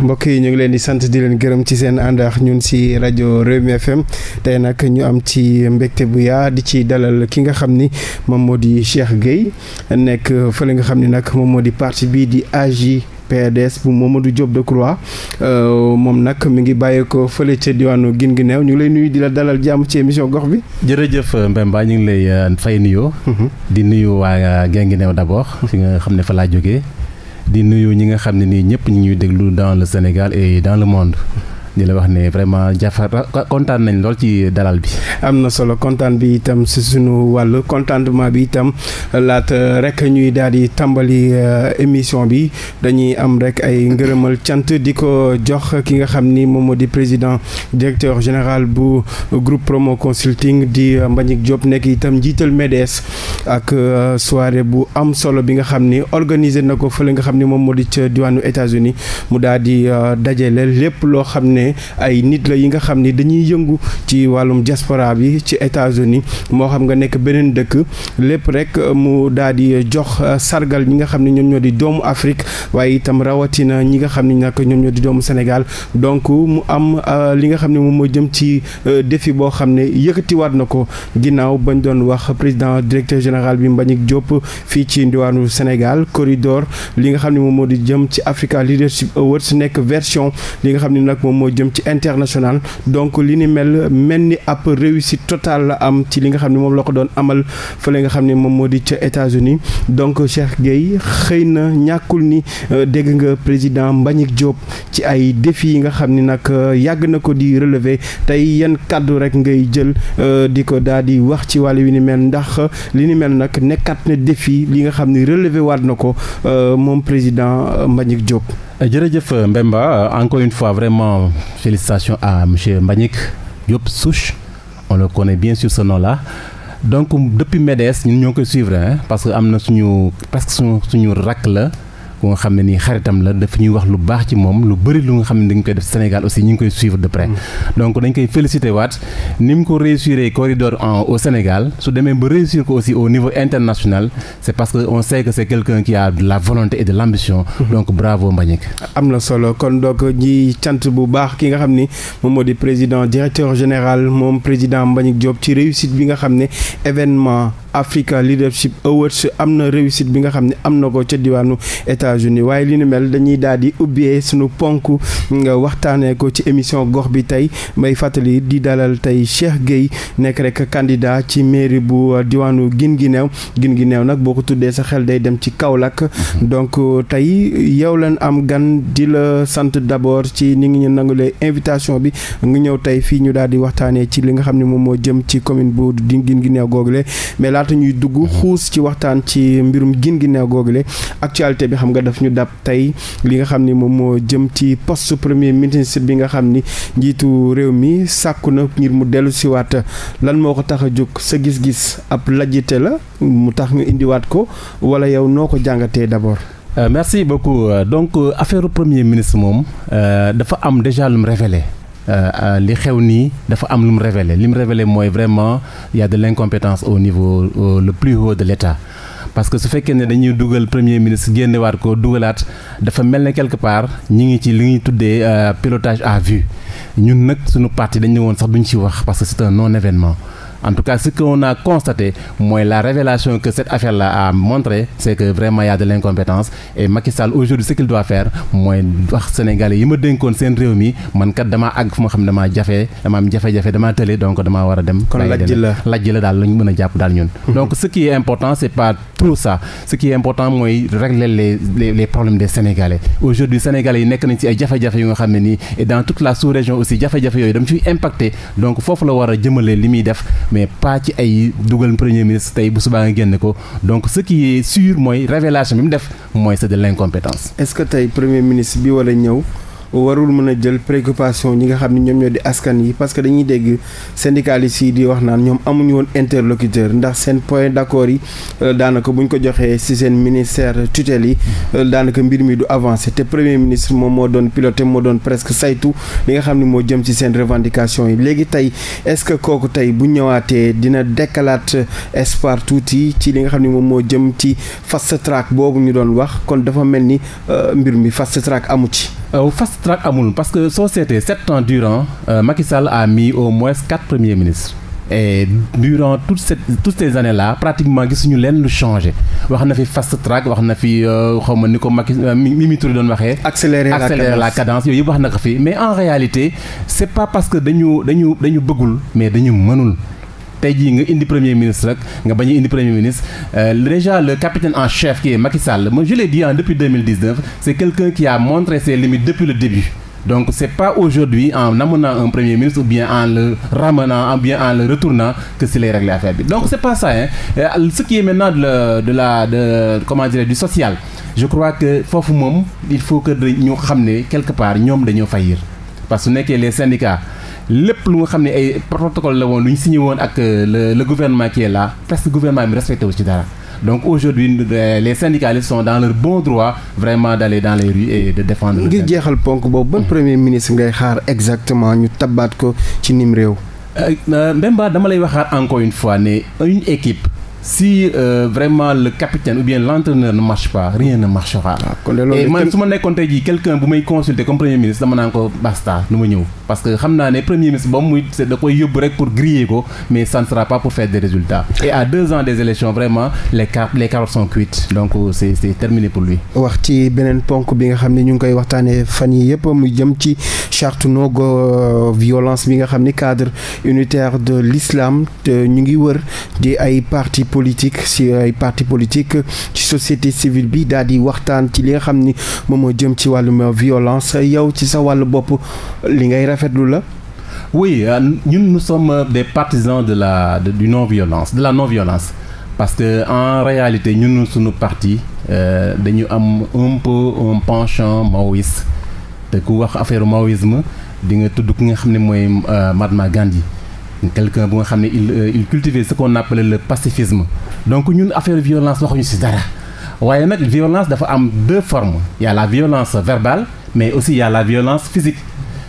mbokk yi ñu ngi leen di sant di leen gërëm ci seen ànd ñun si rajo Rewmi FM tey nag ñu am ci mbégte bu yaa di ci dalal ki nga xam ni moom moo di Cheikh Gueye nekk fële nga xam ni nag moom moo di parti bii di AJ. PDS bu Mamadou Diop Decroix euh, moom nag mi ngi bàyyi ko fële ca diwaanu Guinguinéo ñu ngi lay nuyu di la dalal jàmm ci émission gox bi. jërëjëf euh, Mbemba ñu ngi lay euh, fay nuyoo. Mhm. di nuyu waa Guinguinéo d'abord. fi nga xam ne fa laa jógee. di nuyu ñi nga xam ne nii ñëpp ñu ñuy déglu dans le Sénégal et dans le monde. di la wax ne vraiment Diafara kontaan nañ lool ci dalal bi. am na solo kontaan bi itam si suñu wàll contentement bi itam laata rek ñuy daal di tàmbali euh, émission bi dañuy am rek ay ngërëmal cant di ko jox ki nga xam ni moom moo di président directeur général bu groupe promo consulting di euh, Mbagnick Diop nekk itam njiital MEDES ak euh, soirée bu am solo bi nga xam ni organisé na ko fële nga xam ni moom moo di ca diwaanu États-Unis mu daal di dajale lépp loo ne ay nit la yi nga xam ni dañuy yëngu ci wàllum diaspora bi ci États-Unis moo xam nga nekk beneen dëkk lépp rek mu daal di jox euh, sargal ñi nga xam ne ñoom ñoo di doomu Afrique waaye itam rawatina ñi nga xam ne nag ñoom ñoo di doomu Sénégal donc mu am euh, li nga xam ne moom moo jëm ci euh, defi boo xam ne yëkkatiwaat na ko ginnaaw bañ doon wax président directeur général bi Mbagnick Diop fii ci diwaanu Sénégal corridor li nga xam ne moom moo di jëm ci Africa jëm ci international donc li ni mel mel ni ab réussite totale la am ci li nga xam ne moom la ko doon amal fële nga xam ni moom moo di ca États-Unis donc Cheikh Gueye xëy na ñàkkul ni euh, dégg nga président Mbagnick Diop ci ay défis yi nga xam ni nag euh, yàgg na ko di relevé tey yan kàddu rek ngay jël euh, di ko daal di wax ci wàll wi ni mel ndax li ni mel nag nekkat na défi li nga xam ni relever waat na ko moom président Mbagnick Diop. jërëjëf Mbemba encore une fois vraiment félicitations à monsieur Mbagnick Diop Souche on le connaît bien sur ce nom-là donc depuis MEDES ñun ñoo koy suivre parce que am na suñu parce que suñu suñu rakk la. ku nga xam ne nii xaritam la daf ñuy wax lu baax ci moom lu bëri lu nga xam ne dañ koy def Sénégal aussi ñu ngi koy suivre de près mm. donc dañ koy féliciter waat ni mu ko réussir corridor au Sénégal su demee ba réussir ko aussi au niveau international c'est parce que on sait c'est quelqu'un qui a la volonté et de l'ambition mm-hmm. donc bravo Mbagnick am na solo kon donc ñi cant bu baax ki nga xam ni moom moo di président directeur général moom président Mbagnick Africa Leadership Awards am na réussite bi nga xam ne am na ko ca diwaanu États-Unis waaye li nu mel dañuy daal di ubbee suñu ponk nga waxtaanee ko ci émission gox bi tey may fàttali di dalal tey Cheikh Gueye nekk rek kandidaa ci mairie bu diwaanu Guinguinéo Guinguinéo nag boo ko tuddee sa xel day dem ci Kaolack donc tey yow lan am gan di la sant d'abord ci ni ngi ñu nangulee invitation bi nga ñëw tey fii ñu daal di waxtaanee ci li nga xam ne moom moo jëm ci commune bu di Guinguinéo googule mais laata ñuy dugg xuus ci waxtaan ci mbirum gin ginnaaw googule actualité bi xam nga daf ñu tey li nga xam ni moom moo jëm ci poste premier ministre bi nga xam ni njiitu réew mi sàkku na ngir mu dellu lan moo ko tax a jóg sa gis-gis ab lajjite la mu tax ñu indiwaat ko wala yow noo ko jàngatee d'abord Euh, merci beaucoup euh, donc euh, affaire premier ministre moom euh, dafa am déjà lu mu révélé Euh, euh, li xew nii dafa am lu mu révélé li mu révélé mooy vraiment y a de l'incompétence au niveau au, le plus haut de l'État parce que su fekkee ne dañuy dugal premier ministre génnewaat ko dugalaat dafa mel ne quelque part ñi ngi ci li ñuy tuddee euh, pilotage à vue ñun nag suñu parti dañu woon sax duñ ci wax parce que c'est un non événement En tout cas, ce qu'on a constaté, moi, la révélation que cette affaire-là a montré, c'est que vraiment, il y a de l'incompétence. Et Macky Sall, aujourd'hui, ce qu'il doit faire, moi, wax Sénégalais yi ma dénkoon seen réew mi man kat damaa àgg fu ma xam ne damaa jafe damaa am jafe damaa tële donc damaa war dem. kon lajj la lajj la daal lañ mën a jàpp daal ñun. donc ce qui est important c'est pas trop ça. ce qui est important mooy régler les les les problèmes des Sénégalais aujourd'hui Sénégalais yi nekk nañ ci ay jafe-jafe yu nga xam ne nii et dans toute aussi jafe-jafe yooyu dama ciy impacté donc war a jëmale li muy def. mais pas ci ay dugal premier ministre tey bu subaa nga génne ko donc ce qui est mooy révélation bi mu def mooy c'est de l'incompétence. est-ce que tey premier ministre bi war ñëw. warul mën a jël préoccupation ñi nga xam ne ñoom ñoo di askan yi parce que dañuy dégg syndicalistes yi di wax naan ñoom amuñu woon interlocuteur ndax seen point d'accord yi euh, daanaka buñ ko joxee ci seen ministère tutelle yi euh, daanaka mbir mi du avancer te premier ministre moom moo doon piloté moo doon presque saytu li nga xam ne moo jëm ci seen revendication yi léegi tey est-ce que kooku tey bu ñëwaatee dina dekkalaat espoir tuuti ci li nga xam ne moom moo jëm ci fast track boobu ñu doon wax kon dafa mel ni euh, mbir mi fast track amu ci. trac amul parce que soo seetee sept ans durant euh, Macky Sall a mis au moins quatre premiers ministres. et durant toute cette toutes ces années là pratiquement gisuñu leen lu changé wax na fi fast track wax na fi euh, xaw ma ni ko Macky Mimi euh, Touré doon waxee. accélérer la cadence accélérer yi wax na ko fi mais en réalité c'est pas parce que dañu dañu dañu bëggul mais dañu mënul. tey jii nga indi premier ministre nga bañ indi premier ministre euh, déjà le capitaine en chef qui est Macky Sall moi je l'ai dit hein, depuis 2019 c'est quelqu'un qui a montré ses limites depuis le début donc c'est pas aujourd'hui en amenant un premier ministre ou en le ramenant ou en le retournant que c'est les régler affaire bi donc c'est pas ça hein euh, ce qui est maintenant de la de la de comment dire du social je crois que foofu moom il faut que ñu xam ne quelque part ñoom dañoo faillir parce que su nekkee les syndicats lépp lu nga xam ne ay protocole la woon lu ñu signé woon ak euh, le le gouvernement qui est là presque gouvernement bi respecté wu ci dara donc aujourd'hui euh, les syndicalistes sont dans leur bon droit vraiment d'aller dans les rues ngir jeexal ponk boobu ban hmm. premier ministre ngay xaar exactement ñu tabaat ko ci nim réew. Euh, Mbemba dama lay waxaat encore une fois ne une équipe. si euh, vraiment le capitaine ou bien l'entraîneur ne marche pas rien ne marchera. Ah, et man su ma nekkoon tey jii quelqu'un bu may consulter comme premier ministre dama naan ko basta nu ma ñëw. parce que xam naa ne premier ministre ba muy da koy yóbbu rek pour griller ko mais ça ne sera pas pour faire des résultats. et à deux ans des élections vraiment les car les carottes sont euh, bi nga xam ne ñu ngi koy waxtaanee fan yii yëpp mu jëm ci charte no euh, violence bi nga xam ne cadre unitaire de l'islam ñu ngi wër di ay politique si ay parti politique ci société civile bi daal di waxtaan ci li nga xam ni moom moo jëm ci wàllu wàllum violence yow ci sa wàllu bopp li ngay rafetlu la. oui euh, ñun nous sommes des partisans de la de, du non violence de la non violence parce que en réalité ñun suñu parti euh, dañu am un peu un penchant maois te ku wax affaire maoisme di nga tudd ku nga xam ne mooy euh, Mahatma Gandhi. quelqu'un bu nga xam ne il euh, il cultivait ce qu'on appelait le pacifisme donc ñun affaire violence waxuñu ci dara waaye nag violence dafa am deux formes il la violence verbale mais aussi il la violence physique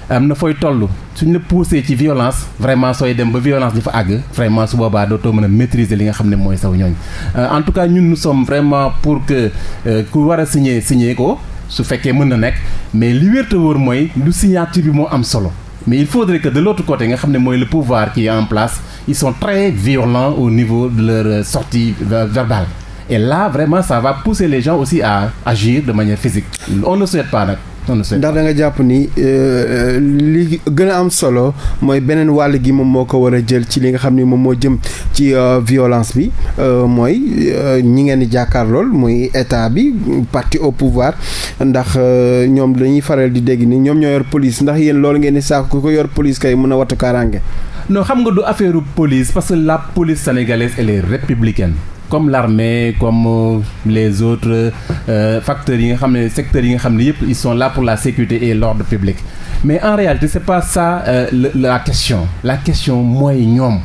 am na fooy toll suñ la poussé ci violence vraiment sooy dem ba violence di fa àgg vraiment su boobaa dootoo mën a maîtriser li nga xam ne mooy saw ñooñ euh, en tout cas ñun nous sommes vraiment pour que euh, ku war a signer signer ko su fekkee mën na nekk mais li wér te wóor mooy du signature bi moo am solo mais il faudrait que de l'autre côté nga xam ne mooy le pouvoir qui est en place ils sont très violents au niveau de leur sortie verbale et là vraiment ça va pousser les gens aussi à agir de manière physique on ne souhaite pas ndax da nga jàpp ni euh, li gën a am solo mooy beneen wàll gi moom moo ko war a jël ci li nga xam ni moom moo jëm ci euh, violence bi euh, mooy ñi ngeen di jàkkaar lool muy état bi parti au pouvoir ndax ñoom dañuy faral di dégg ni ñoom ñoo yor police ndax yéen loolu ngeen di saako ku ko yor police kay mën a wattu kaaraange. non xam nga du affaire police parce que la police sénégalaise elle est républicaine. comme l'armée comme euh, les autres euh, facteurs yi nga xam ne secteurs yi nga xam ne yëpp ils sont là pour la sécurité et l'ordre public mais en réalité c'est pas ça euh, la question la question mooy ñoom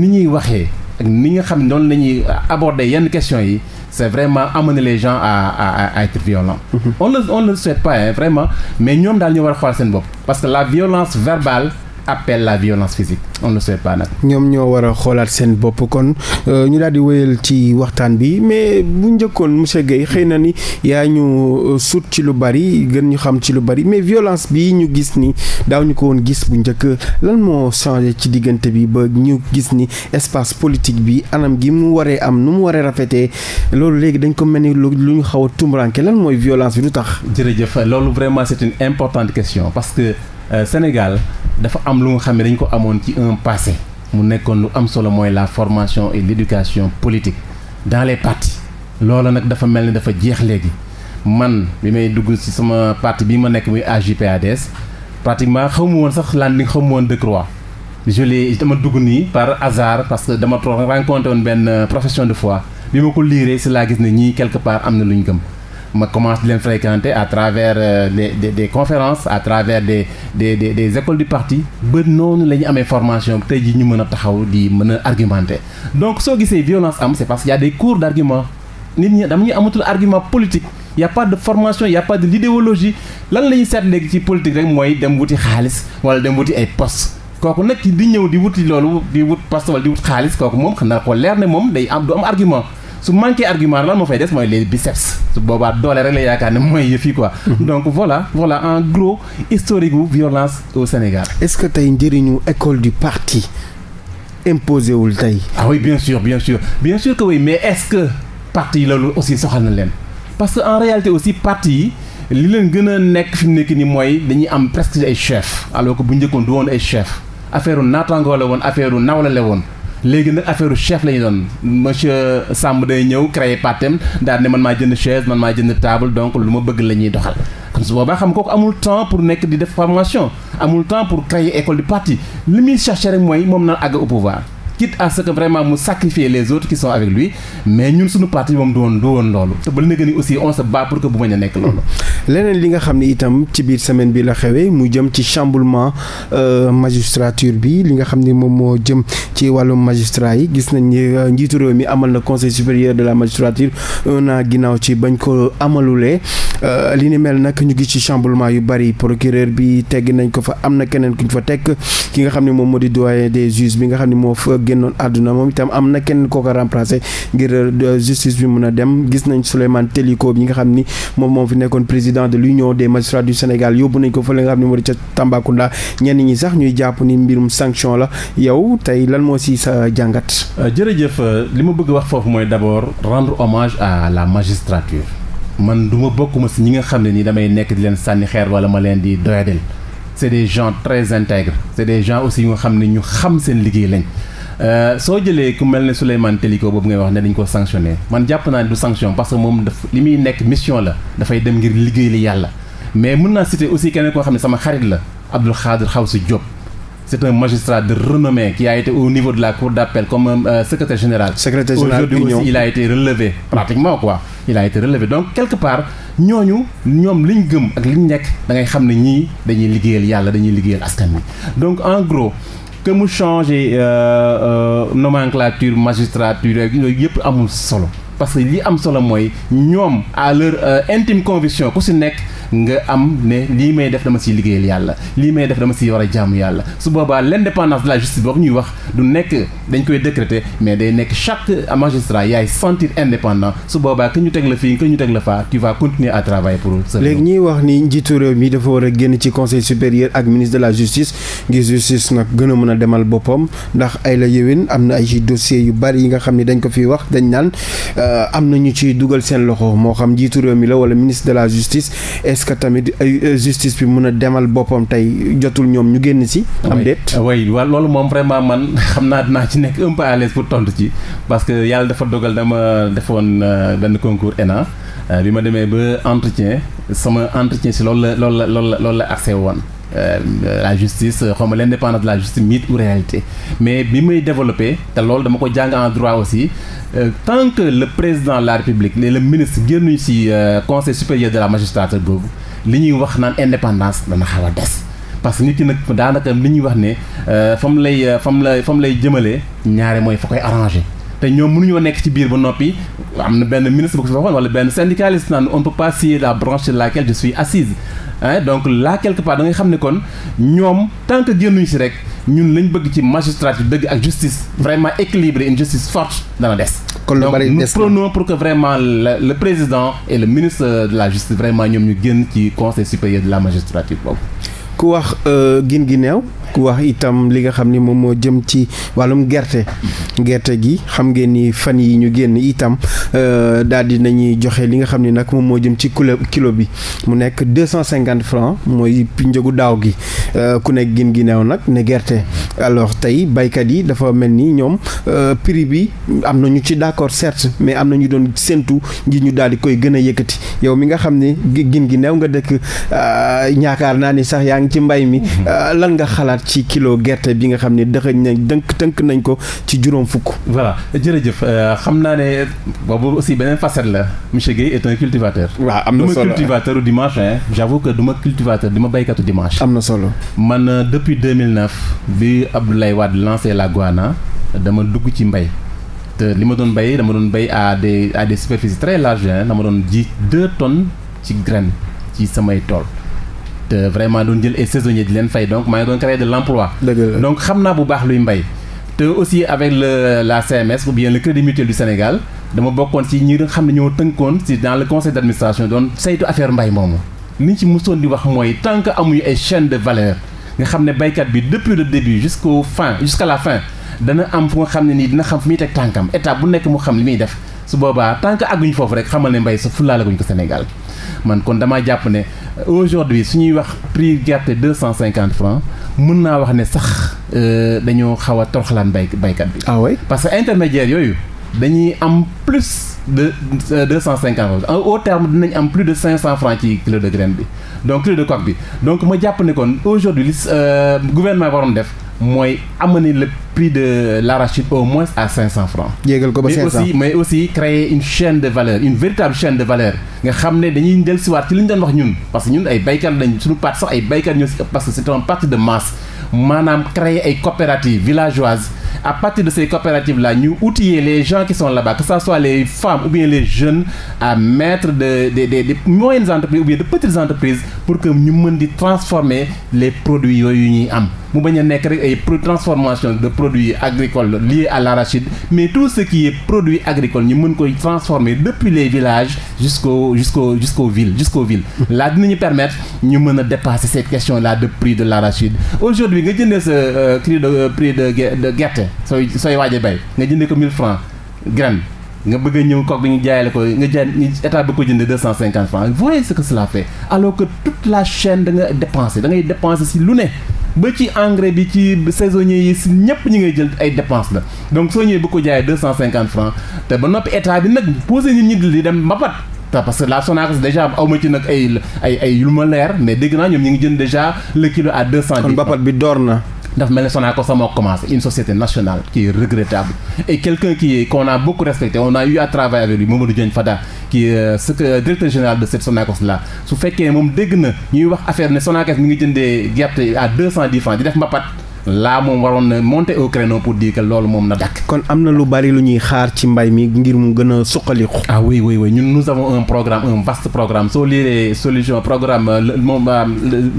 ni ñuy waxe ak ni nga xam ne noonu la ñuy aborder yenn questions yi c'est vraiment amener les gens à à à être violents. Mm-hmm. on le on souhaite pas hein, vraiment mais ñoom daal ñu war a xool seen bopp parce que la violence verbale appelle la violence physique on ne sait ñoom ñoo war a xoolaat seen bopp kon euh, ñu daal di wéyal ci waxtaan bi mais bu njëkkoon monsieur Guèye xëy na ni yaa ñu euh, sut ci lu bari gën ñu xam ci lu bari mais violence bi ñu gis ni daaw ñu ko woon gis bu njëkk lan moo changé ci diggante bi ba ñu gis ni espace politique bi anam gi mu waree am nu mu waree rafetee loolu léegi dañ ko mel ni lu ñu xaw a tumranke lan mooy violence bi lu tax. jërëjëf loolu vraiment c'est une importante question parce que. Euh, Sénégal dafa am lu nga xam ne dañ ko amoon ci un passé mu nekkoon lu am solo mooy la formation et l'éducation politique dans les partis loolu nag dafa mel ni dafa jeex léegi man bi may dugg ci sama parti bi ma nekk muy AJPADS pratiquement xaw ma woon sax Landing xaw ma woon Decroix je l'ai dama dugg nii par hasard parce que dama rencontré woon benn euh, profession de fois bi ma ko liiree si laa gis ne ñii quelque part am na lu ñu gëm ma commence di leen fréquenter à travers euh, des de de conférences à travers des de des des écoles parti ba noonu la ñu amee formation tey ji ñu mën a taxaw di mën a argumenter donc soo gisee violence am c'est parce qu'il y a des cours d'argument nit ñi dama ñu amatul argument politique y' a pas de formation y' a pas lan la ñuy seet léegi ci politique rek mooy dem wuti xaalis wala dem wuti ay poste kooku nag di ñëw di wuti loolu di wut poste wala di wut xaalis kooku moom xanaa ko leer ne moom day am du su manqué argument lan moo fay des mooy les biceps su boobaa doole rek la yaakaar ne mooy yëf yi quoi. Mhm. donc voilà voilà en gros historique wu violence au Sénégal. est-ce que tey njëriñu école du parti imposé wul tey. ah oui bien sûr bien sûr bien sûr que oui mais est-ce que parti yi loolu aussi soxal na leen parce que en réalité aussi parti yi. li leen gën a nekk fi mu nekk nii mooy dañuy am presque ay chef alors que bu njëkkoon du woon ay chef affaire naataangoo woon affaire nawla la woon léegi nag affaire chef la ñu doon monsieur Samb day ñëw créé partem daal ne man maa jënd chaise man maa jënd table donc lu ma bëgg la ñuy doxal kon su boobaa xam kooku amul temps pour nekk di def formation amul temps pour créer école du parti li muy cherché rek mooy moom na àgg au pouvoir quitte à ce que vraiment mu sacrifier les autres qui sont avec lui mais ñun suñu parti moom du woon du woon loolu te ba léegi ni aussi on se bat pour que bu bañ a nekk loolu. leneen li nga xam ne itam ci biir semaine bi la xewee mu jëm ci chamboulement euh, magistrature bi li nga xam ni moom moo jëm ci wàllu magistrat yi gis nañ ne euh, njiitu réew mi amal na conseil supérieur de la magistrature un an ginnaaw ci bañ ko amalulee. Euh, li ni mel nag ñu ngi ci chamboulement yu bari procureur bi tegg nañ ko fa am na keneen ki ñu fa teg ki nga xam ne moom moo di doyen des juges bi nga xam ne moo fa génnoon moom itam am na keneen koo ko remplacé ngir euh, justice bi mën a dem gis nañ Souleymane Teliko bi nga xam ni moom moom fi nekkoon président de l'union de magistrats Sénégal yóbbu nañ ko fa la nga xam ne moo di ca Tambacounda ñenn ñi sax ñuy jàpp ni mbirum sanction la yow tey lan moo si sa jàngat. Euh, jërëjëf li ma bëgg wax foofu mooy d'abord rendre hommage à la magistrature. man du ma bokkuma si ñi nga xam ne nii damay nekk di leen sànni xeer wala ma leen di doyadel c'est des gens très intègres c'est des gens aussi yu nga xam ne ñu xam seen liggéey lañ euh, soo jëlee ku mel ne Souleymane Teliko boobu ngay wax ne dañ ko sanctionné man jàpp naa ne du sanction parce que moom daf li muy nekk mission la dafay dem ngir liggéey li yàlla mais mun naa citer aussi keneen koo xam ne sama xarit la Abdoul xaw Khawsu Diop c'est un magistrat de renommée qui a été au niveau de la cour d'appel comme euh, secrétaire général. Secrétaire général aujourd'hui aussi il a été relevé pratiquement quoi il a été relevé donc quelque part ñooñu ñoom liñ gëm ak liñ nekk da ngay xam ne ñii dañuy liggéeyal yàlla dañuy liggéeyal askan wi donc en gros que mu changer euh, euh, nomenclature magistrature yooyu yëpp amul solo parce que li am solo mooy ñoom à leur euh, intime conviction ku si nekk. nga am ne lii may def dama siy liggéeyal yàlla lii may def dama siy war a jàmm yàlla su boobaa l'indépendance de la justice boobu ñuy wax du nekk dañ koy décréter mais day nekk chaque magistrat yaay sentir indépendant su boobaa que ñu teg la fii que ñu teg la faa tu vas continuer à travailler pour ça. léegi ñuy wax ni njiitu réew mi dafa war a génn ci conseil supérieur ak ministre de la justice ngir justice nag gën a mën a demal boppam ndax ay la yéwén am na ay dossiers yu bari yi nga xam ne dañ ko fi wax dañ naan euh, am na ñu ci dugal seen loxo moo xam njiitu réew mi wala ministre de la justice. est-ce que tamit euh, justice bi mun a demal boppam tey jotul ñoom ñu génn si. am déet way loolu moom vraiment man xam naa dinaa ci nekk un peu à l'aise pour tontu ci parce que yàlla dafa dogal dama defoon euh, benn concours ENA euh, bi ma demee ba entretien sama entretien si loolu la loolu la loolu la loolu la accès woon. Euh, la justice euh, xaw ma l'indépendance de la justice mythe ou réalité mais bi may développé te loolu dama ko jàng en droit aussi euh, tant le président de la république ne le ministre génnuñ ci euh, conseil supérieur de la magistrature boobu li ñuy wax naan indépendance dana xaw a des parce que nit ki nag daanaka li ñuy wax ne euh, fa mu lay fa mu lay fa mu lay jëmale ñaare mooy fa koy arrangé te ñoom mënuñoo nekk ci biir ba noppi am na benn ministre bu ko fi waxoon benn syndicaliste naan on ne peut pas scier la branche sur laquelle je suis assise hein donc là quelque part da xam ne kon ñoom tant que génnuñu si rek ñun lañ bëgg ci magistrature dëgg ak justice vraiment équilibrée une justice forte dana des. kon lu bari donc nous prenons pour que vraiment le, le président et le ministre de la justice vraiment ñoom ñu génn ci conseil supérieur de la magistrature ku wax euh, gin gi neew ku wax itam li nga xam ni moom moo jëm ci wàllum gerte gerte gi xam ngeen ni fan yi ñu génn itam euh, daal di nañuy joxe li nga xam ni nag moom moo jëm ci kilo kilo bi mu nekk deux cent cinquante francs mooy njëgu daaw gi euh, ku nekk gin gi neew nag ne gerte alors tey baykat yi dafa mel ni ñoom prix bi am na ñu ci d'accord certes mais am na ñu doon séntu ngir ñu daal di koy gën a yëkkati yow mi nga xam ni gin gi neew nga dëkk ñaakaar naa ni sax ci mbay mi euh, lan nga xalaat ci kilo gerte bi nga xam ne dëxëñ nañ dënk tënk nañ ko ci juróom fukk voilà jërëjëf euh, xam naa ne boobu aussi beneen facette la monsieur Guèye est un cultivateur waaw na solo du ma cultivateur u dimanche ma cultivateur du am na solo man a euh, depuis 2009 bi Abdoulaye waat lancé la Guana dama dugg ci mbay te li ma doon bay dama doon bay à des à des superficies très larges dama doon ji deux tonnes ci graine ci samay tool te vraiment doon jël ay saisonniers di leen fay donc maa ngi doon créer de l'emploi donc xam naa bu baax luy mbay te aussi avec le la CMS ou bien le Crédit Mutuel du Sénégal dama bokkoon ci ñi nga xam ne ñoo tënkoon ci dans le conseil d'administration doon saytu affaire mbay moomu ni ci mosoon di wax mooy tant que amuñu ay chaine de valeur nga xam ne baykat bi depuis le début jusqu'au fin jusqu'à la fin dana am fu nga xam ne nii dina xam fu muy teg tànkam état bu nekk mu xam li muy def su boobaa tant que àgguñu foofu rek xamal ne mbay sa fulaale guñ ko Sénégal man kon damaa jàpp ne aujourd'hui ñuy wax prix gerte deux cent cinquante francs mën naa wax ne sax euh, dañoo xaw a toroxlaan bay baykat bi. ah oui parce que intermédiaire yooyu dañuy am plus de euh, deux cent cinquante au terme dinañ am plus de cinq cent francs ci kilo de graine bi donc kilo de coque bi donc ma jàpp ne kon aujourd'hui li euh, gouvernement waroon def. mooy amener le prix de l'arachide au moins à 500 francs. yéegal ko ba 500 mais aussi mais aussi créer une chaîne de valeur une véritable chaîne de valeur nga xam ne dañuy dellusiwaat ci li ñu doon wax ñun parce que ñun ay baykat lañ suñu parti sax ay baykat ñoo si parce que c'est un parti de masse maanaam créer ay coopératives villageoises. à partir de ces coopératives là ñu outiller les gens qui sont là-bas que ça soit les femmes ou bien les jeunes à mettre de des des de moyennes entreprises ou bien de petites entreprises pour que ñu mën di transformer les produits yooyu ñuy am mu bañ a nekk rek ay transformation de produits agricoles liés à la l'arachide mais tout ce qui est produit agricole ñu mën koy transformer depuis les villages jusqu'au jusqu'au jusqu'aux villes jusqu'aux villes là dinañu permettre ñu mën a dépasser cette question là de prix de l'arachide aujourd'hui nga jëndee sa euh, prix de euh, prix de de gerte sooy sooy waaj a nga jënde ko 1000 francs gramme nga bëggee ñëw kook bi ñu jaayale ko nga jaay état bi ko jënde 250 francs voyez ce que cela fait alors la chaîne da nga dépensé da ngay si lu ne ba ci engrais bi ci saisonniers yi si ñëpp ñu ngay jël ay dépense la donc soo ñëwee bu ko jaayee deux cent cinquante francs te ba noppi état bi nag posé nit ñi di dem mbapat te parce que la Sonacos déjà aw ma ci nag ay ay ay lu ma leer mais dégg naa ñoom ñu ngi jënd déjà à deux cent dix. kon door na. daf mel ne Sonacos sax moo commencé une société nationale qui est regrettable et quelqu'un qui est qu'on a beaucoup respecté on a eu à travailler avec lui Mamadou Diagne Fada qui est euh, euh, directeur général de cette Sonacos là su fekkee moom dégg na ñuy wax affaire ne Sonacos mi ngi jëndee gerte à deux cent dix francs di def mbapat laa moom waroon na monter au créneau pour dire que loolu moom na dakk kon am na lu bari lu ñuy xaar ci mbay mi ngir mu gën a suqaliku. ah oui oui oui ñun nous avons un programme un vaste programme soo liiree solution programme moom euh,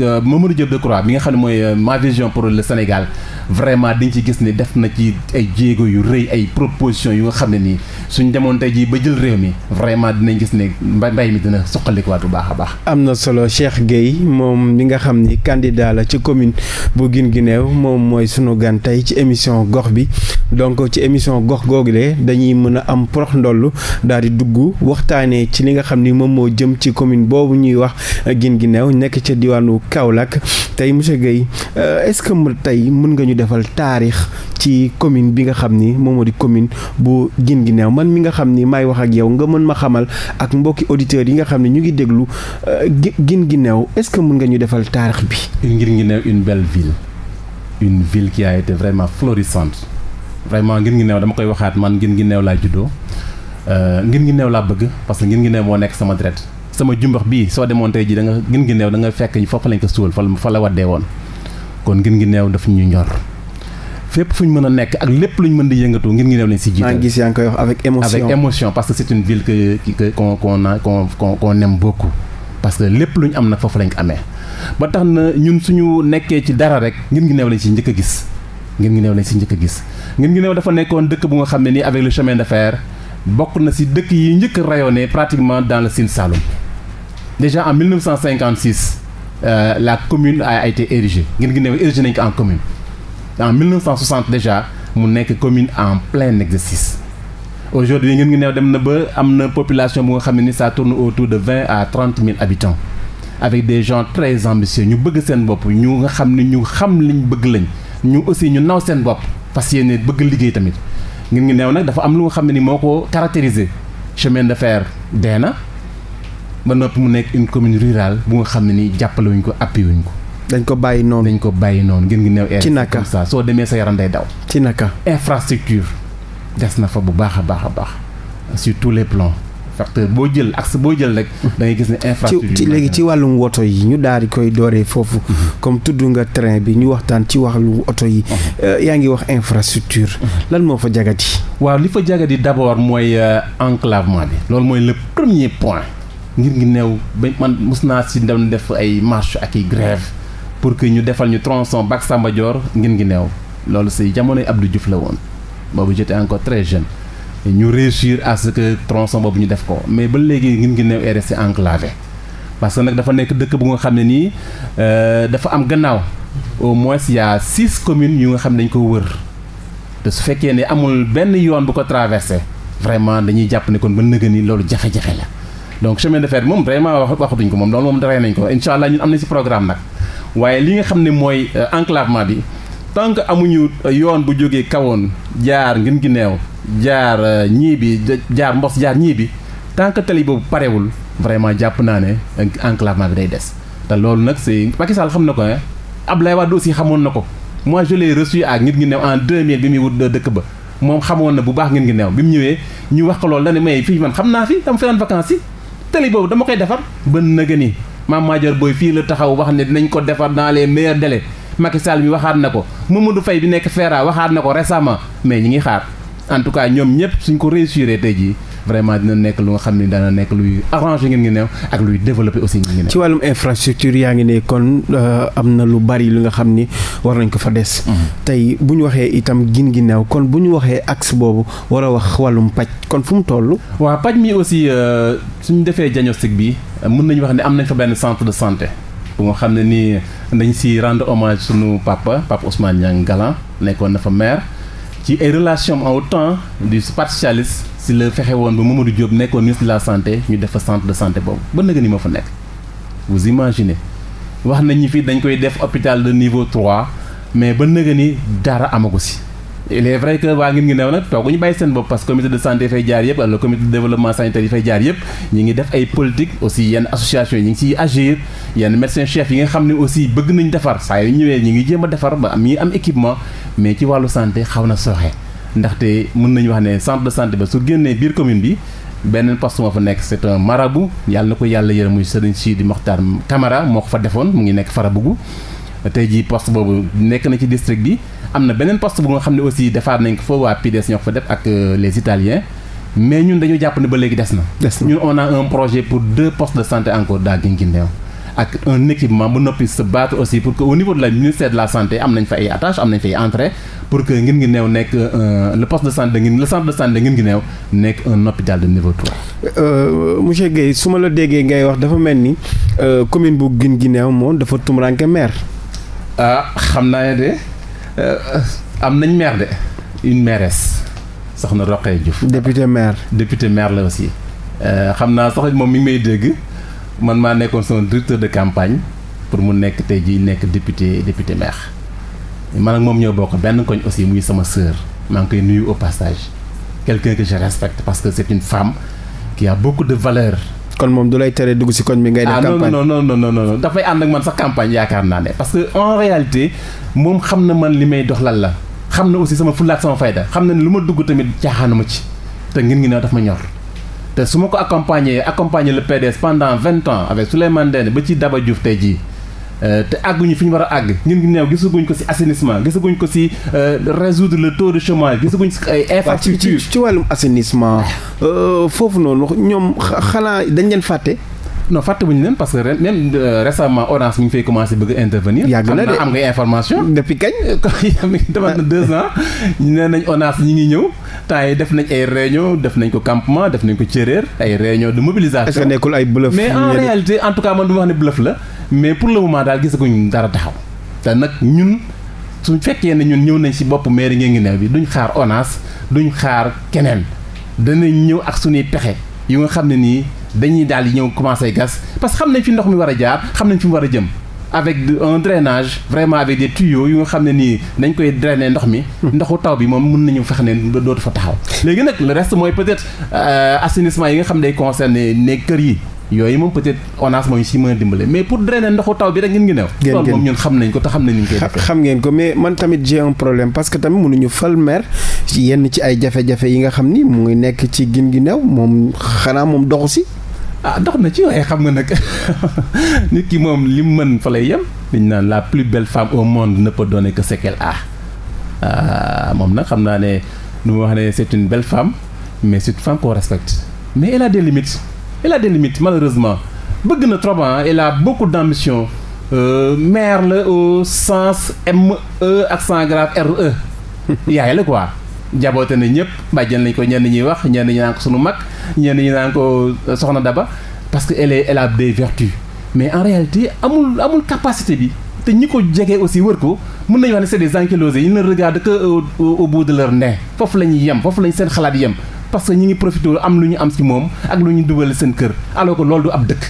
euh, Mamadou de Decroix bi nga xam ne mooy euh, ma vision pour le Sénégal. vraiment dañ ci gis ni def na ci ay jéego yu rëy ay proposition yu nga xam ne nii suñ demoon tey jii ba jël réew mi vraiment dinañ gis ne mba mbay mi dina suqalikuwaat bu baax a baax. am na solo Cheikh Gueye moom mi nga xam ni candidat la ci commune bu Guinguinéo moom mooy sunu gan tey ci émission gox bi donc ci émission gox googu de dañuy mën a am prox ndollu daal di dugg waxtaanee ci li nga xam ni moom moo jëm ci commune boobu ñuy wax gi Guinguinéo nekk ca diwaanu Kaolack tey monsieur Gueye euh, defal taarix ci commune bi nga xam ni moom moo di commune bu Guinguinéo man mi nga xam ni maay wax ak yow nga mën ma xamal ak mbokki auditeurs yi nga xam ne ñu ngi déglu euh, Guinguinéo est-ce que mën nga ñu defal taarix bi. ngir ngi Guinguinéo une belle ville une ville qui a été vraiment florissante vraiment Guinguinéo dama koy waxaat man Guinguinéo laa juddoo euh, Guinguinéo laa bëgg parce que Guinguinéo moo nekk sama deret sama jumbax bii soo demoon tey ji da nga Guinguinéo da nga fekk foofu lañ ko suul fa la waddee woon. kon ngir ngi neew daf ñu ñor fépp fu ñu mën a nekk ak lépp lu ñu mën di yëngatu ngeen ngi neew lañ si jiital. maa ngi gis yaa ngi koy wax avec émotion avec émotion parce que c'est une ville que que qu'on qu'on parce que lépp lu ñu am nag foofu lañ ko amee ba tax na ñun suñu nekkee ci dara rek ngir ngi neew lañ si njëkk a gis ngir ngi neew lañ si njëkk a gis ngir ngi neew dafa nekkoon dëkk bu nga xam ne nii avec le chemin de fer bokk na si dëkk yi njëkk a rayonné pratiquement dans le Sine Saloum déjà en 1956 euh, la commune a été érigée ngeen gi ne érigé nañ ko en commune en 1960 déjà mu nekk commune en plein exercice aujourd'hui ngeen ngi neew dem na ba am na population bu nga xam ne ni ça tourne autour de vingt à trente mille habitants avec des gens très ambitieux ñu bëgg seen bopp ñu nga xam ni ñu xam liñ bëgg lañ ñu aussi ñu naw seen bopp parce que yéen bëgg liggéey tamit ngeen ngi neew nag dafa am lu nga xam ne ni moo ko caractériser chemin de fer dee na ba noppi mu nekk une commune rural bu nga xam ne ni jàppale wuñ ko appui wuñ ko. dañ ko bàyyi noonu dañ ko bàyyi noonu ngeen ngi néew. ci naka soo demee sa yaram day daw. ci naka infrastructure des na fa bu baax a baax a baax surtout tous les plans. facteur boo jël axe boo jël rek. Mhm. da gis ne infrastructure ci léegi ci wàllum woto yi ñu daal di koy dooree foofu. Mhm. comme tudd nga train bi ñu waxtaan ci wàllu oto yi. Mhm. Euh, yaa ngi wax infrastructure. lan moo fa jagati. waaw li fa jagati d'abord mooy euh, enclavement bi. loolu mooy le premier ngir ngi neew ba man mos naa si dem def ay marche ak i grève pour que ñu defal ñu tronçon Bac Samba Dior ngir ngi neew loolu si jamonoy Abdou Diouf la woon boobu jotee encore très jeune ñu réussir à ce que tronçon boobu ñu def ko mais ba léegi ngir ngi neew est resté enclavé parce que nag dafa nekk dëkk bu nga xam ne nii euh, dafa am gannaaw au moins il y communes yu nga xam ne dañ ko wër te su fekkee ne amul benn yoon bu ko traversé vraiment dañuy jàpp ne kon ba nëga ni loolu jafe donc chemin de fer bi moom vraiment wax waxatuñ ko moom loolu moom daree nañ ko incha ñun am na si programme nag waaye li nga xam ne mooy euh, enclavement bi tant que amuñu euh, yoon bu jógee kawoon jaar ngin gineew jaar euh, ñii bi jaar mbos jaar ñii bi tant que tali boobu parewul vraiment jàpp naa ne enclavement bi day des te loolu nag c'est Macky Sall xam na ko Abdoulaye Wade aussi xamoon na ko moi je l'ai reçu à ngir ngi neew en 2000 bi muy dëkk ba moom xamoon na bu baax ngir ngi neew bi mu ñëwee ñu wax ko loolu dane may fii xam naa fi dama fi daan yi tali boobu dama koy defar ba nëgë ni maam Madior booy fii la taxaw wax ne dinañ ko defar naa les meilleurs délais Macky Sall mi waxaat na ko du Faye bi nekk Feera waxaat na ko récemment mais ñu ngi xaar en tout cas ñoom ñëpp suñu ko réussir tey jii vraiment dina nekk lu nga xam ni dana nekk luy arranger ngeen ngi neew ak luy développer aussi ngeen ngi neew. ci wàllum infrastructure yaa ngi ne kon euh, am na lu bari lu nga xam ni war nañ ko fa des. Mm-hmm. tey bu ñu waxee itam gin gi neew kon bu ñu waxee axe boobu war a wax wàllum paj kon fu mu toll. waa paj mi aussi euh, suñu defee diagnostic bi euh, mën nañu wax ne am nañ fa benn centre de santé. bu nga xam ne nii dañ si rendre hommage suñu papa papa Ousmane Niang Galan nekkoon na fa ci ay relation au temps du parti socialiste si la fexe woon ba Mamadou Diop nekkoon ministre de la santé ñu def fa centre de santé boobu ba nag ni ma fa nekk vous imaginez wax nañu ñi fii dañ koy def hôpital de niveau 3 mais ba nag ni dara amagu il est vrai que waa ngeen ngi new nag tooguñu bàyyi seen bopp parce que de santé fay jaar yëpp wala comité de développement sanitaire yi fay jaar yëpp ñi ngi def ay politique aussi yenn association yi ñu ngi ciy agir yenn médecin chef yi nga xam ne aussi bëgg nañ defar saa yu ñëwee ñi ngi jéem a defar ba am ñi am équipement mais ci wàllu santé xaw na sooxe ndaxte mën nañu wax ne centre de santé ba su génnee biir commune bi benn poste moo fa nekk c'est un marabout yàlla ko yàlla yërëm muy Serigne Sidi Mokhtar Camara moo ko fa defoon mu ngi nekk Farabougou tey jii poste boobu nekk na ci district bi am na beneen poste bu nga xam ne aussi defaat nañ ko fa waa PDS ñoo ko fa def ak euh, les italiens mais ñun dañu jàpp ne ba léegi des na ñun on a un projet pour deux postes de santé encore daa Guinguinéo ak un équipement bu noppi se battre aussi pour que au niveau de la ministère de la santé am nañ fa ay attaches am nañ fa ay entrées pour que Guinguinéo nekk euh, le poste de santé le centre nekk un hôpital de niveau 3 euh, monsieur Guèye su ma la déggee ngay wax dafa mel ni commune bu Guinguinéo moom dafa tumuraanke maire ah xam naa de eh, am nañ maire de une mairesse soxna Roqee Diouf. député maire. député maire la aussi. Eh, xam naa sax moom mi ngi may dégg man maa nekkoon sama directeur de campagne pour mu nekk tey jii nekk député député maire man ak moom ñoo bokk benn koñ aussi muy sama sœur maa ngi koy nuyu au passage quelqu'un que je respecte parce que c'est une femme qui a beaucoup de valeur kon moom du lay tere dugg si koñ bi ngay def ah, campagne non no non non dafay ànd ak man sa campagne yaakaar naa ne parce que en réalité moom xam na man li may dox lan la xam na aussi sama fulaat sama fayda xam na ne lu ma dugg tamit caaxaanuma ci te ngir ngi ne daf ma ñor te su ma ko accompagner accompagner le PDS pendant vingt ans avec Souleymane Ndéné ba ci Daba Diouf tey jii Euh, te àgguñu fi ñu war a àgg ñun ngi neew gisaguñ ko ci assainissement gisaguñ ko ci euh, résoudre le taux de chômage gisaguñ ci ay infrastructure ci wàllum assainissement euh, foofu noonu ñoom xanaa dañ leen fàtte non fàtte wuñu leen parce que ren même récemment Orange mi ngi commencé bëgg a intervenir. yàgg na de am nga information. depuis kañ. am na deux ans ñu ne nañ Orange ñi ngi ñëw temps yi def nañ ay réunion def nañ ko campement def nañ ko céréer ay réunion de mobilisation. est-ce que nekkul ay bluff tout cas man du ma wax la. mais pour le moment daal ñu dara taxaw te nag ñun suñ fekkee ne ñun ñëw nañ ci bopp mairie Guinguinéo bi duñ xaar ONAS duñ xaar keneen danañ ñëw ak sunuy pexe yu nga xam ne nii dañuy daal di ñëw commencé gas parce que xam nañ fi ndox mi war a jaar xam nañ fi mu war a jëm avec un drainage vraiment avec des tuyaux yu nga xam ne nii dañ koy drainer ndox mi. ndoxu taw bi moom mën nañu fex ne dootu fa taxaw. léegi nag le reste mooy peut-être euh, assainissement yi nga xam ne day concerner ne kër yi. yooyu moom peut-être ONAS mooy si mën a mais pour drainer ndoxu taw bi rek ngeen ngi neew loolu moom ñun xam nañ ko te xam nañ ñu koy defee xam ngeen ko mais man tamit j'ai un yenn ci ay jafe-jafe yi nga xam ni mu ngi nekk ci gin ngi new moom xanaa moom doxu si ah dox na ci waaye xam nga nag nit ki moom li mu mën fa lay yem dañ naan la plus belle femme au monde ne peut donner que ce qu'elle a ah, moom nag xam naa ne nu ma wax ne c'est une belle femme mais c'est une femme qu'on respecte mais elle a des elle a des limites malheureusement bëgg na trop ah elle a beaucoup d'ambition euh, mère la au sens M E accent grave R E. yaay la quoi. jaboote na ñëpp bàjjen lañ ko ñenn ñuy wax ñenn ñi naan ko sunu mag ñenn ñi naan ko euh, soxna Daba parce que elle est elle a des vertus mais en réalité amul amul capacité bi te ñi ko jegee aussi wër ko mën nañu wax ne c'est des ankylosés ils ne regardent que au, au, au bout de leur nez foofu la ñuy yem foofu la ñu seen xalaat yem. parce que ñi ngi profité am lu ñu am si moom ak lu ñu dugal seen kër alors que loolu du ab dëkk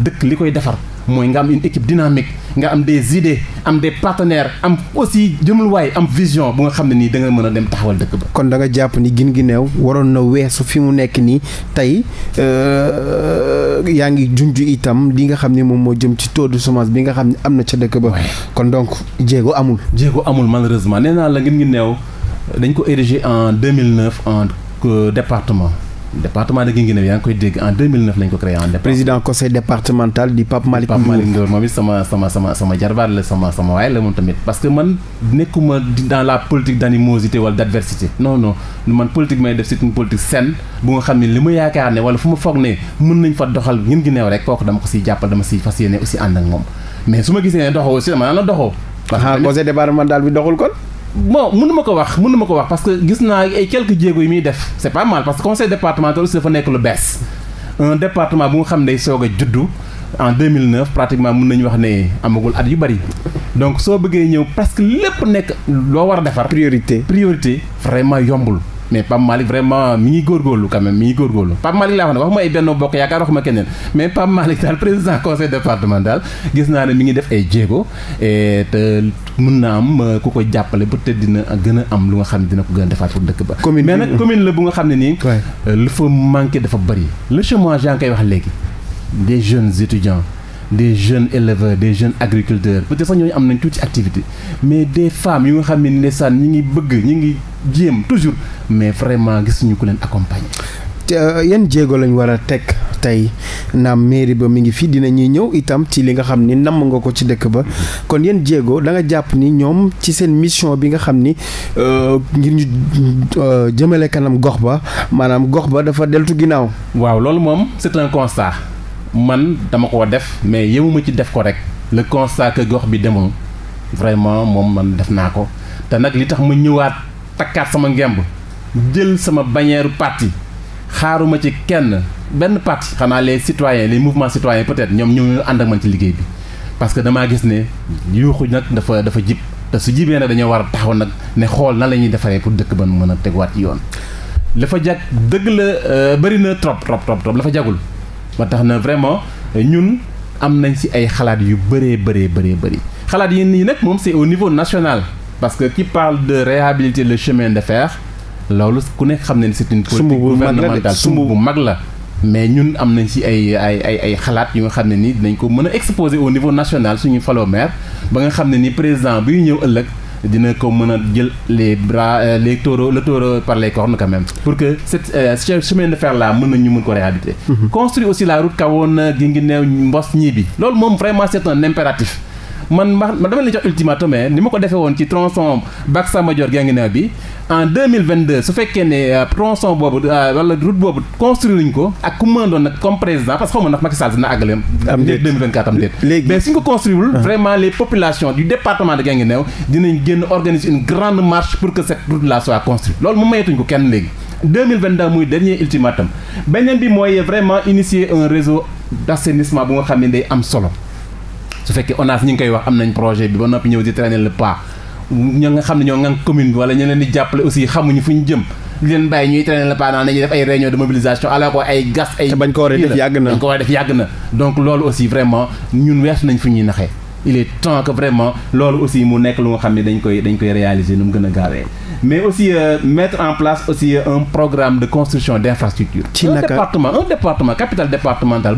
dëkk li koy defar mooy nga am une équipe dynamique nga am des idées am de partenaires am aussi jëmluwaay am vision bu nga xam ne nii da nga mën a dem taxawal dëkk ba. kon da nga jàpp ni gin gi neew waroon na weesu fi mu nekk nii tey euh, yaa ngi junj itam li nga xam ne moom moo jëm ci taux de bi nga xam ne am na ca dëkk ba. kon donc jéego amul. jéego amul malheureusement nee naa la gin ngi neew dañ ko érigé en 2009 en. Euh, département de Guinguinéo yaa ngi koy dégg en président conseil départemental di Pape Malick Ndour Pape Malick moom it sama sama sama sama jarbaat la sama sama la moom tamit parce que man nekkuma dans la politique d' animosité wala d' adversité man politique may def c'est une politique saine bu nga xam ne li ma yaakaar ne wala fu ma foog ne mën nañ fa doxal Guinguinéo rek kooku dama ko siy jàppal dama siy fas yéene aussi ànd ak moom mais su ma bon mënu ko wax mënu ma ko wax parce que gis naa ay quelques jéego yi muy def c'est pas mal parce que conseil départemental aussi dafa nekk lu bees un bu nga xam ne day soog a juddu en 2009 pratiquement mën nañu wax ne amagul at yu bari donc soo bëggee ñëw presque lépp nekk loo war a defar priorité priorité vraiment yombul mais Pape Malick vraiment mi ngi góorgóorlu quand même mi ngi góorgóorlu Pape Malick laa wax ne waxuma ay Benno Bokk Yaakaar waxuma keneen mais Pape Malick daal président conseil départemental gis naa ne mi ngi def ay jéego et te mun na am euh, ku ko jàppale ba te dina gën a am lu nga xam ne dina ko gën a defaat pour dëkk ba. commune mais nag commune la bu nga xam ne nii. Euh, lu fa manqué dafa bëri. le chômage yaa koy wax léegi des jeunes étudiants. des jeunes éleveurs des jeunes agriculteurs peut-être sax ñooñu am nañ tuuti activité mais des femmes yu nga xam ne ndeysaan ñi ngi bëgg ñu ngi jéem toujours mais vraiment gisuñu ko leen accompagner. Euh, yan jéego lañ war a teg tey naam mairie ba mi ngi fii dina ñi ñëw itam ci li nga xam ni namm nga ko ci dëkk ba kon yan jéego danga jàpp ni ñoom ci seen mission bi nga xam ni euh, ngir ñu euh, jëmale kanam gox ba maanaam gox ba dafa deltu ginnaaw. waaw loolu moom c'est un constat. man dama ko def mais yemuma ci def ko rek le constat gox bi demoon vraiment moom man def naa ko te nag li tax ma ñëwaat takkaat sama ngemb jël sama bannière parti xaaruma ci kenn benn parti xanaa les citoyens les mouvements citoyens peut-être ñoom ñu ànd ak man ci liggéey bi parce que damaa gis ne yuuxu nag dafa dafa jib te su jibee nag dañoo war a taxaw nag ne xool nan la ñuy defaree pour dëkk ba mën a teguwaat ci yoon. la fa jag dëgg la euh, bëri na trop trop trop jagul ba tax na vraiment eh, ñun am nañ ci ay xalaat yu bëree bëree bëree bëri xalaat yi nii nag moom c'est au niveau national parce que qui parle de réhabiliter le chemin de fer loolu ku nekk xam ne ni c'est une politique gouvernementale sumb bu mag la mais ñun am nañ ci ay ay ay ay xalaat yu nga xam ne ni dinañ ko mën a exposer au niveau national suñu faloo maire ba nga xam ne ni président buy ñëw ëllëg dina ko mën a jël les bras euh, les taureaux la tooro par les cornes quand pour que cette euh, ce chemin de fer la mën na ñu mën ko réhabiliter mhm. construire aussi la route Kahone Guinguinéo Mboss Gniby loolu moom vraiment c'est un man ma man dama leen jox ultimatum ni ma ko defee woon ci tronçon Bac Samba Dior Guinguinéo bi en deux mille vingt su fekkee ne euh, tronçon boobu euh, wala route boobu construire nañ ko ak ku mën doon nag comme président parce que xaw ma ndax Macky Sall dina àggale. am déet deux mille vingt quatre am déet. léegi suñ ko construirewul ah. vraiment les populations du département de Guinguinéo dinañ génn organiser une grande marche pour que cette route là soit construite loolu mu mayetuñ ko kenn léegi. 2022 muy dernier ultimatum beneen bi mooy vraiment initier un réseau d'assainissement bu nga xam ne day am solo. su fekkee ONAS ñu ngi koy wax am nañ projet bi ba noppi ñëw di traîner le pas ñoo nga xam ne ñoo ngank commune bi wala ñu leen di jàppale aussi xamuñu fu ñu jëm li leen bàyyi ñuy traîner le pas naan nañuy def ay réunion de mobilisation ala ko ay gas ay bañ ko war a def yàgg na ko war a def yàgg na donc loolu aussi vraiment ñun weesu nañ fu ñuy naxee il est temps que vraiment loolu aussi mu nekk lu nga xam ne dañ koy dañ koy réaliser nu mu gën a gaawee mais aussi euh, mettre en place aussi euh, un programme de construction d'infrastructure un département un département capitale départementale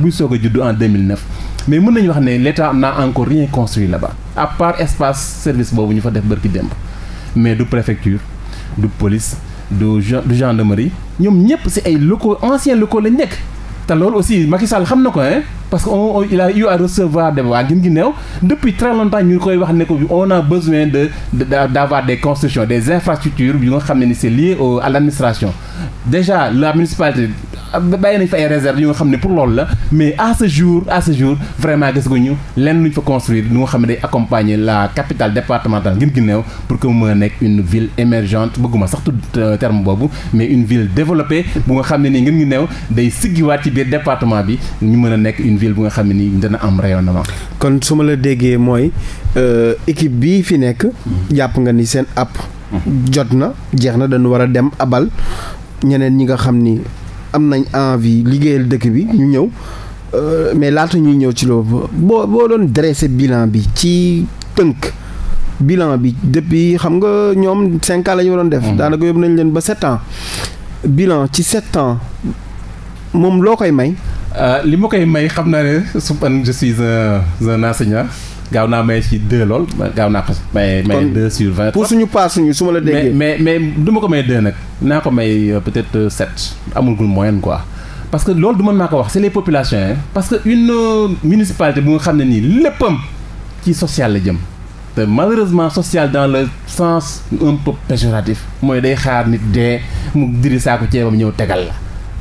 mais mën nañu wax ne l'État n'a encore rien construit là ba à part espace service boobu ñu fa def bërki démb mais du préfecture du police du gen du gendarmerie ñoom ñëpp ci ay locaux anciens locaux lañ nekk te loolu aussi Macky Sall xam na ko hein parce que on, on, il a eu à recevoir des waa Guinguinéo ngi koy wax ne ko on a besoin de d'avoir des constructions des nga xam ne ni se lié au à déjà la municipalité bàyyi nañ fa ay réserves yu nga xam ne pour loolu la mais à ce jour à ce jour vraiment gis guñu lenn lu ñu fa construire lu nga xam ne day accompagner la capitale départementale Guinguinéo pour que mu mën a nekk une ville émergente bëgguma sax tudd euh, terme boobu mais une ville développée bu nga xam ne nii Guinguinéo day siggiwaat ci biir département bi ñu mën a nekk ville bu nga xam ne nii dina am rayonnement. kon su ma la déggee mooy euh, équipe bii fi nekk. Mm-hmm. jàpp nga ni seen app. Mm-hmm. na jeex na dañu war a dem abal ñeneen ñi nga xam ni am nañ envie liggéeyal dëkk bi ñu ñëw euh, mais laata ñuy ñëw ci loolu boo boo bilan bi ci tënk. bilan bi depuis xam nga ñoom cinq ans la ñu waroon def. Mm-hmm. daanaka yóbbu nañ leen ba sept ans. bilan ci sept ans moom loo koy may. Euh, li ma koy may xam naa ne su man je suis un un enseignant gaaw naa may ci deux lool gaaw naa ko may may deux sur vingt. pour suñu paas suñu su ma la déggee. mais mais du ma ko may deux nag naa ko may euh, peut-être euh, sept amul gul moyenne quoi. parce que loolu du man maa ko wax c'est les populations hein parce que une municipalité bu nga xam ne nii léppam ci social la jëm te malheureusement social dans le sens un peu péjoratif mooy day xaar nit dee mu diri saako ceebam ñëw tegal la.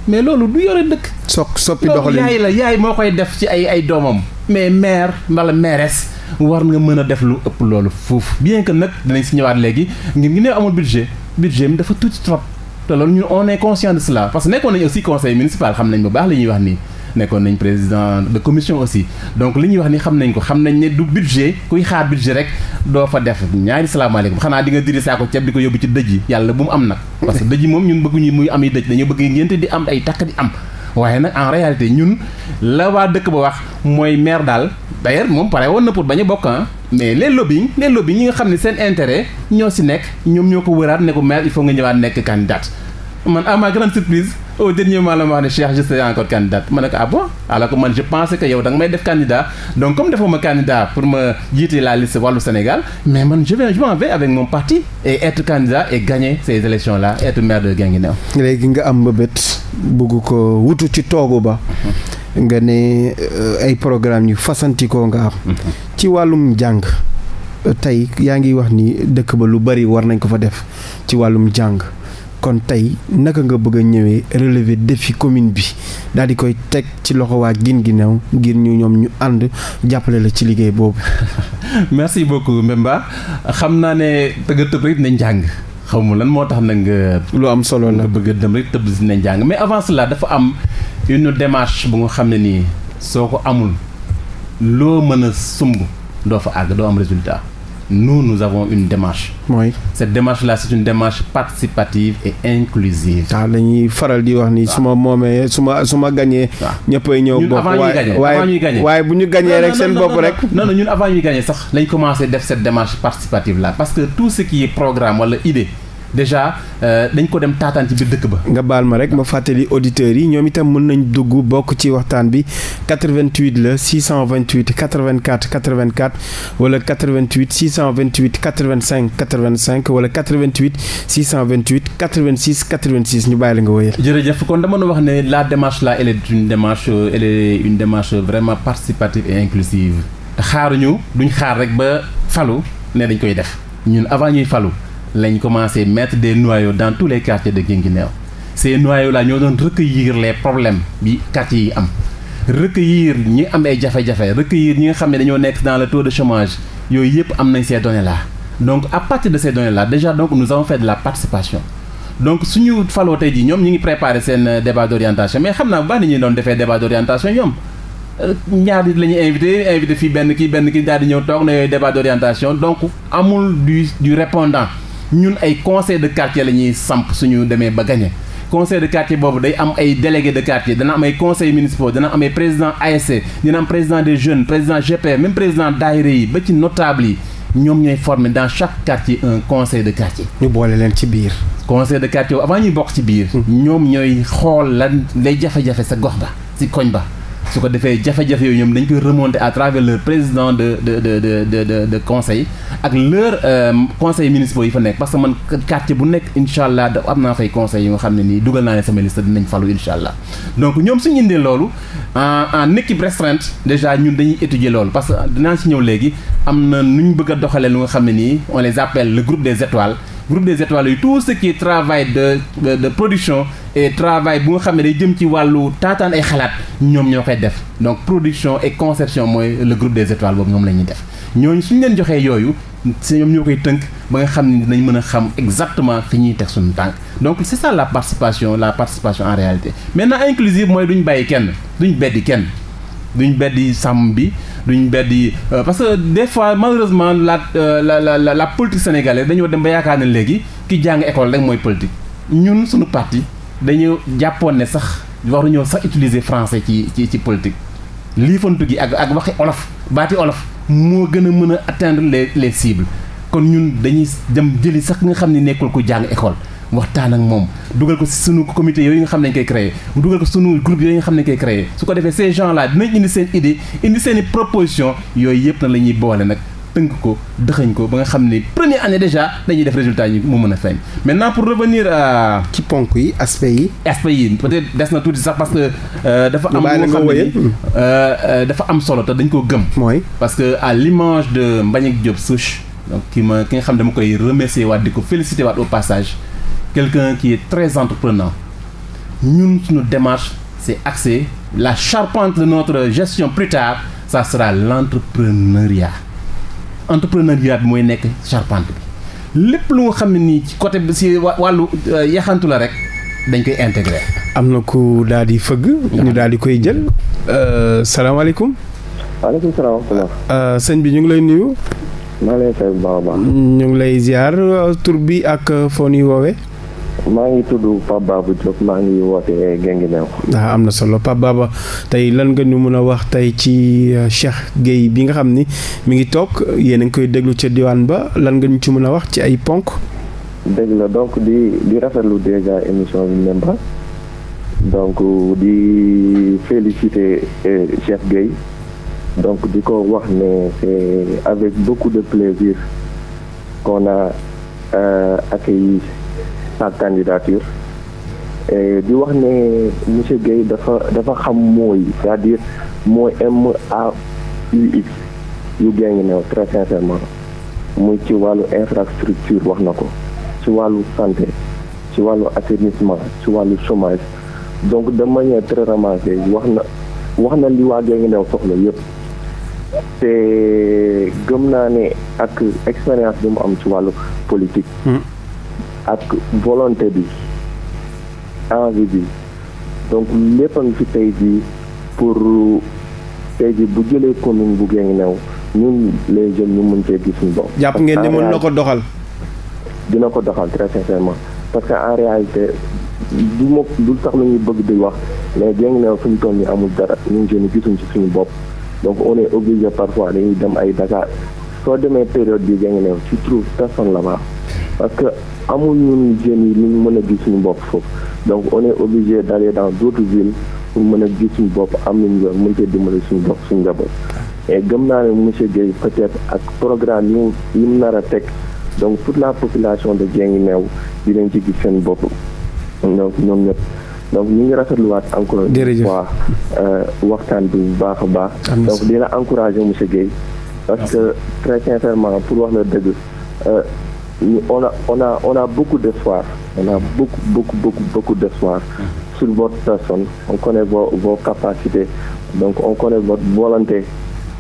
mais loolu du yore dëkk. so soppi doxalin yaay la yaay moo koy def ci ay ay doomam. mais maire wala mairesse war nga mën a def lu ëpp loolu foofu bien que nag dinañ si ñëwaat léegi ngir ngi ne amul budget budget mi dafa tuuti trop te loolu ñun on est conscient de cela parce que nekkoon nañu aussi conseil municipal xam nañ bu baax la ñuy wax nii. nekkoon nañ président de commission aussi donc li ñuy wax ni xam nañ ko xam nañ ne du budget kuy xaar budget rek doo fa def ñaari salaamaaleykum xanaa di nga diri saako ceeb di ko yóbbu ci dëj yi yàlla bu mu am nag parce que dëj yi moom ñun bëgguñu muy am yi dëj dañu bëgg ngénte di am ay takk di am waaye nag en réalité ñun la waa dëkk ba wax mooy maire daal d'ailleurs moom pare woon na pour ba a bokk ah. mais les lobbying les lobbying ñi nga xam ne seen intérêt ñoo si nekk ñoom ñoo ko wëraat ne ko maire il faut nga ñëwaat nekk candidate man à ma grande surprise au dernier moment la ma wax ne Cheikh je serai encore candidat ma ne ko ah bon alors que man je pensais que yow da nga may def candidat donc comme defoo ma candidat pour ma jiite la liste wàllu Sénégal mais man je vais je m'en vais avec mon parti et être candidat et gagner ces élections là être maire de Guinguinéo. léegi nga am mbëbët bugg ko wutu ci toogu ba. nga ne euh, ay programme yu fasantikoo nga am. ci wàllum jàng. tey yaa ngi wax ni dëkk ba lu bari war nañ ko fa def ci wàllum jàng. kon tey naka nga bëgg a ñëwee relever défi commune bi daal di koy teg ci loxo waa gin ginnaaw ngir ñu ñoom ñu ànd jàppale la ci liggéey boobu. merci beaucoup Mbemba xam naa ne tëgg tëb rek nañ jàng xaw ma lan moo tax nag nga. loo am solo la nga bëgg dem rek tëb si nañ jàng mais avant cela dafa am une démarche bu nga xam ne nii soo ko amul loo mën a sumb doo fa àgg doo am résultat. noonu nous avons une démarche. Oui. Cette démarche-là, c'est une démarche participative et inclusive. ah dañuy faral di wax ni su ma moomee su ma su ma gañee. ñëppay ñëw bokk waaye waaye bu ñu gañee rek seen bopp rek. non non ñun avant ñuy gañee sax lañ commencé def cette démarche participative-là parce que tout ce qui est programme wala idée. déjà euh, dañ ko dem taataan ci biir dëkk ba. nga baal ma rek ma fàttali auditeurs yi ñoom itam mën nañ dugg bokk ci waxtaan bi 88 la 628 84 84 wala 88 628 85 85 wala 88 628 86 86 ñu bàyyi la nga wëyal. jërëjëf kon dama nu wax ne la démarche la elle est une démarche elle est une démarche vraiment participative et inclusive. xaaruñu duñ xaar rek ba falu ne dañ koy def ñun avant ñuy falu. lañ commencé mettre de noyaux dans tous les quartiers de Guinguinéo ces noyaux là ñoo doon recueillir les problèmes bi quartier yi am recueillir ñi am ay jafe-jafe recueillir ñi nga xam ne dañoo nekk dans le taux de chômage yooyu yëpp am nañ ces données là donc à partir de ces données là déjà donc nous avons fait de la participation donc suñu faloo tey jii ñoom ñi ngi préparer seen euh, débat d'orientation mais xam naa bu baax ñuy doon defee débat d'orientation ñoom euh, ñaar nit la ñuy invité invité fii benn kii benn kii daal di ñëw toog na yooyu donc amul du du répondant ñun ay conseil de quartier la ñuy samp suñu demee ba gagné conseil de quartier boobu day am ay délégué de quartier dana am ay conseil municipaux dana am ay président ASC dina am président des jeunes président GP même président daayira yi ba ci notable yi ñoom ñooy forme dans chaque quartier un conseil de quartier. ñu boole leen ci biir. conseil de quartier avant ñuy bokk ci biir. Hmm. ñoom ñooy xool lan lay jafe-jafe sa gox ba si koñ ba. su ko defee jafe-jafe yooyu ñoom dañ koy remonter à travers leur président de de de de conseil ak leur euh, conseil municipaux yi fa nekk parce que man quartier bu nekk incha allah am na fay conseil yi nga xam ne nii dugal naa ne sama liste dinañ falu incha allah donc ñoom suñu indee loolu en en équipe restreinte déjà ñun dañuy étudier loolu parce que dinaa ci ñëw léegi am na nu ñu bëgg a doxalee lu nga xam ne nii on les appelle le groupe des étoiles groupe des étoiles yi tout ce travail de de, de production et travail bu nga xam ne day jëm ci wàllu taataan ay xalaat ñoom ñoo koy def donc production et conception mooy le groupe des étoiles boobu ñoom la ñuy def ñooñu suñu leen joxee yooyu si ñoom ñoo koy tënk ba nga xam ne dinañ mën a xam exactement fi ñuy teg suñu tànk donc c'est ça la participation la participation en réalité maintenant inclusive mooy duñ bàyyi kenn duñ beddi kenn duñ beddi sàmm bi duñ beddi euh, parce que des fois malheureusement euh, la la la la politique sénégalaise dañoo dem ba yaakaar ne léegi ki jàng école rek mooy politique. ñun suñu parti dañu jàppoon ne sax waruñoo sax utiliser français ci ci ci politique lii gi ak ak waxi olof baati olof moo gën a mën a atteindre le les cibles kon ñun dañuy dem jëli sax nga xam ni nekkul ku jàng école. waxtaan ak moom dugal ko si sunu comité yooyu nga xam ne dañ koy créé dugal ko sunu groupe yooyu nga xam ne koy créé su ko defee ces gens là dinañ indi seen idée indi seen i proposition yooyu yëpp na la boole nag tënk ko dëxañ ko ba nga xam ni première année déjà dañuy def résultat yi mu mën a feeñ maintenant pour revenir à. ci ponk yi aspect yi. aspect yi peut-être des na tuuti sax parce que. Euh, dafa am loo xam ne euh, euh, dafa am solo te dañ ko gëm. mooy parce que à l'image de Mbagnick Diop Souche donc ki ki nga xam ne dama koy remercier waat di ko féliciter waat passage. quelqu'un qui est très entreprenant ñun suñu démarche c'est axé la charpente de notre gestion plus tard ça sera l'entrepreneuriat entrepreneuriat bi mooy nekk charpente bi lépp lu nga xam ne nii ci côté bi si wàllu euh, yaxantu la rek dañ koy intégrer. am na ku daal di fëgg. ñu daal di koy jël. Euh, salaamaaleykum. waaleykum salaam. Euh, sëñ bi ñu ngi lay nuyu. maa lay fay ñu ngi lay ziar tur bi ak foo nuy woowe maa ngi tudd Pape Babou Diop maa ngi woote Guinguinéo. ah am na solo Pape Baba tey lan nga ñu mën a wax tey ci euh, Cheikh Gueye bi nga xam ni mi ngi toog yéen a ngi koy déglu ca diwaan ba lan nga ñu ci mën a wax ci ay ponk. dégg la donc di di rafetlu déjà émission bi Nemba donc di féliciter euh, Cheikh Gueye donc di ko wax ne c'est avec beaucoup de plaisir qu'on a euh, accueilli. sa candidature di wax ne monsieur Guèye dafa dafa xam mooy c'est-à-dire mooy M A U X yu gën ngi new très sincèrement muy ci wàllu infrastructure wax na ko ci wàllu santé ci wàllu assainissement ci wàllu chômage donc de manière très ramassée wax na wax na li waa gën ngi new soxla yëpp te gëm naa ne ak expérience bi mu am ci wàllu politique hmm. ak volonté bi envie bi donc lépp a ngi fi tey jii pour tey jii bu jëlee commune bu Guinguinéo ñun les jeunes ñu mën cee gis suñu bopp. jàpp ngeen ne mën na ko doxal. dina ko doxal très sincèrement parce que en réalité du ma du tax lu ñuy bëgg di wax mais Guinguinéo fu ñu toll nii amul dara ñun jeunes gisuñ ci suñu bopp donc on est obligé parfois dañuy dem ay Dakar soo demee période bi Guinguinéo tu trouves personne là-bas parce que. ñu jeunes yi ñu mën a gis suñu bopp foofu donc on est obligé d'aller dans d'autres villes pour mën a gis suñu bopp am nañu yoon mën cee dimbali suñu bopp suñu njaboot et gëm naa ne monsieur Guèye peut ak programme yi mu yi mu nar a teg donc toute la population de ngi Guinguinéo dinañ ci gis seen bopp donc ñoom ñëpp donc ñu ngi rafetluwaat encore une fois euh, waxtaan bi bu baax a baax donc dina encourager monsieur Guèye parce que très sincèrement pour wax la dëgg euh, on a on a on a beaucoup d'espoir on a beaucoup beaucoup beaucoup beaucoup d'espoir sur votre personne on connaît vos capacités donc on connaît votre volonté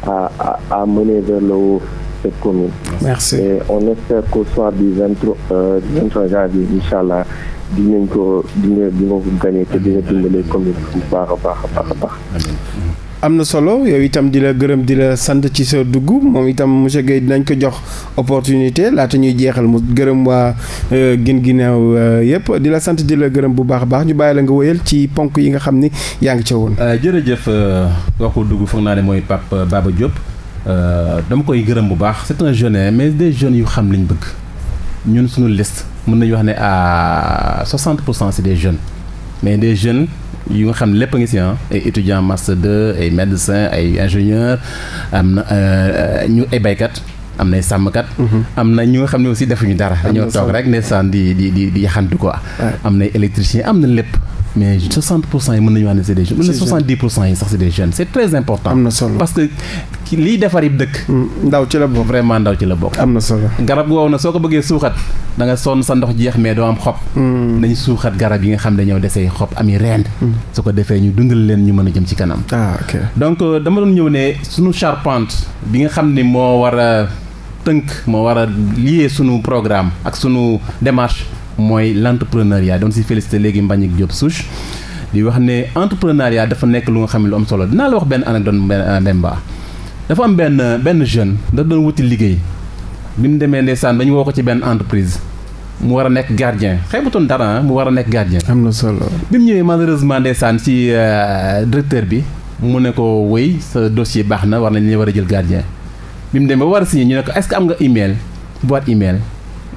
à à à mener vers le cette commune. merci on espère qu'au soir du 23 euh, 23 janvier inchallah dinañ ko dina dina ko di te dina commune bu baax a baax a am na solo yow itam di la gërëm di la sant ci sa dugg moom itam monsieur Guèye dinañ ko jox opportunité laata ñuy jeexal mu gërëm waa euh, gin ginnaaw euh, yëpp di la sant di la gërëm bu baax a baax ñu bàyyi la nga wëyal ci ponk yi nga xam ni yaa ngi ca woon. Euh, jërëjëf ko dugg foog naa ne mooy Pape Baba Diop dama koy gërëm bu baax c'est un jeune mais des jeunes yu xam liñ bëgg ñun suñu liste mën nañu wax ne à 60 pour cent des jeunes mais des jeunes. yu nga xam ne lépp a ngi si ah ay étudiants master 2 ay médecins ay ingénieurs am na euh, ñu ay baykat am na sàmmkat. Mhm. am na ñu nga xam ne aussi defuñu dara. dañoo toog rek ne saan di di di di yaxantu quoi. am nay électricien am na lépp. mais 60 pour cent yi mën nañu wax ne c' est des jeunes. c' est 70 pour cent très important. am liy defar yëpp dëkk. Mm, ndaw ci la bokk vraiment ndaw ci la bokk. am na solo garab googu nag soo ko bëggee suuxat da nga sonn sa ndox jeex mais doo am xob. Mm. nañu suuxat garab yi nga xam ne ñoo desee xob am ami reen. Mm. su ko defee ñu dundal leen ñu mën a jëm ci kanam. ah donc euh, dama doon ñëw ne suñu charpente bi nga xam ne moo war a tënk moo war a lié sunu programme ak sunu démarche. mooy l' entrepreneuriat doon si félicité léegi Mbagnick Diop Souche di wax ne entrepreneuriat dafa nekk lu nga xam ne lu am solo dinaa la wax benn anecdote Mbemba euh, dafa am benn benn jeune da doon wuti liggéey bi mu demee ndeysaan dañu woo ko ci benn entreprise mu war a nekk gardien xeebutoon dara ah, mu war a nekk gardien. am na solo bi mu ñëwee malheureusement ndeysaan ci euh, directeur bi mu ne ko woy sa dossier baax na war nañ ne war a jël gardien bi mu demee war a signé ñu est-ce que am nga email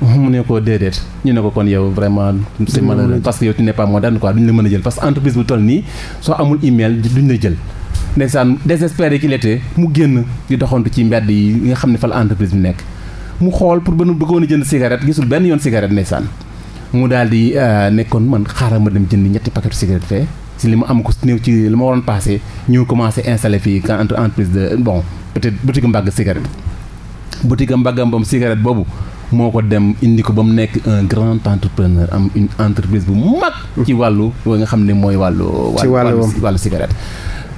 mu ne ko déedéet ñu ko kon yow vraiment c'est malheureux parce que yow tu n'es pas moderne jël parce que entreprise bu toll nii soo amul di doxantu nga xam ne fa la entreprise nekk mu xool pour ba nu bëggoon a jënd cigarette gisul benn yoon cigarette ndeysaan mu daal di euh, nekkoon man xaaral ma dem jënd ñetti paquetu cigarette fee si li ma am ko néew ci li ma waroon passé ñu commencé installé fii entre entreprise de bon peut-être boutique mbagg cigarette boutique mbagg mbam cigarette boobu moo ko dem indi ko ba mu nekk un grand entrepreneur am une entreprise bu mag. ci wàllu nga xam ne mooy wàllu. ci wàllu wàllu cigarette.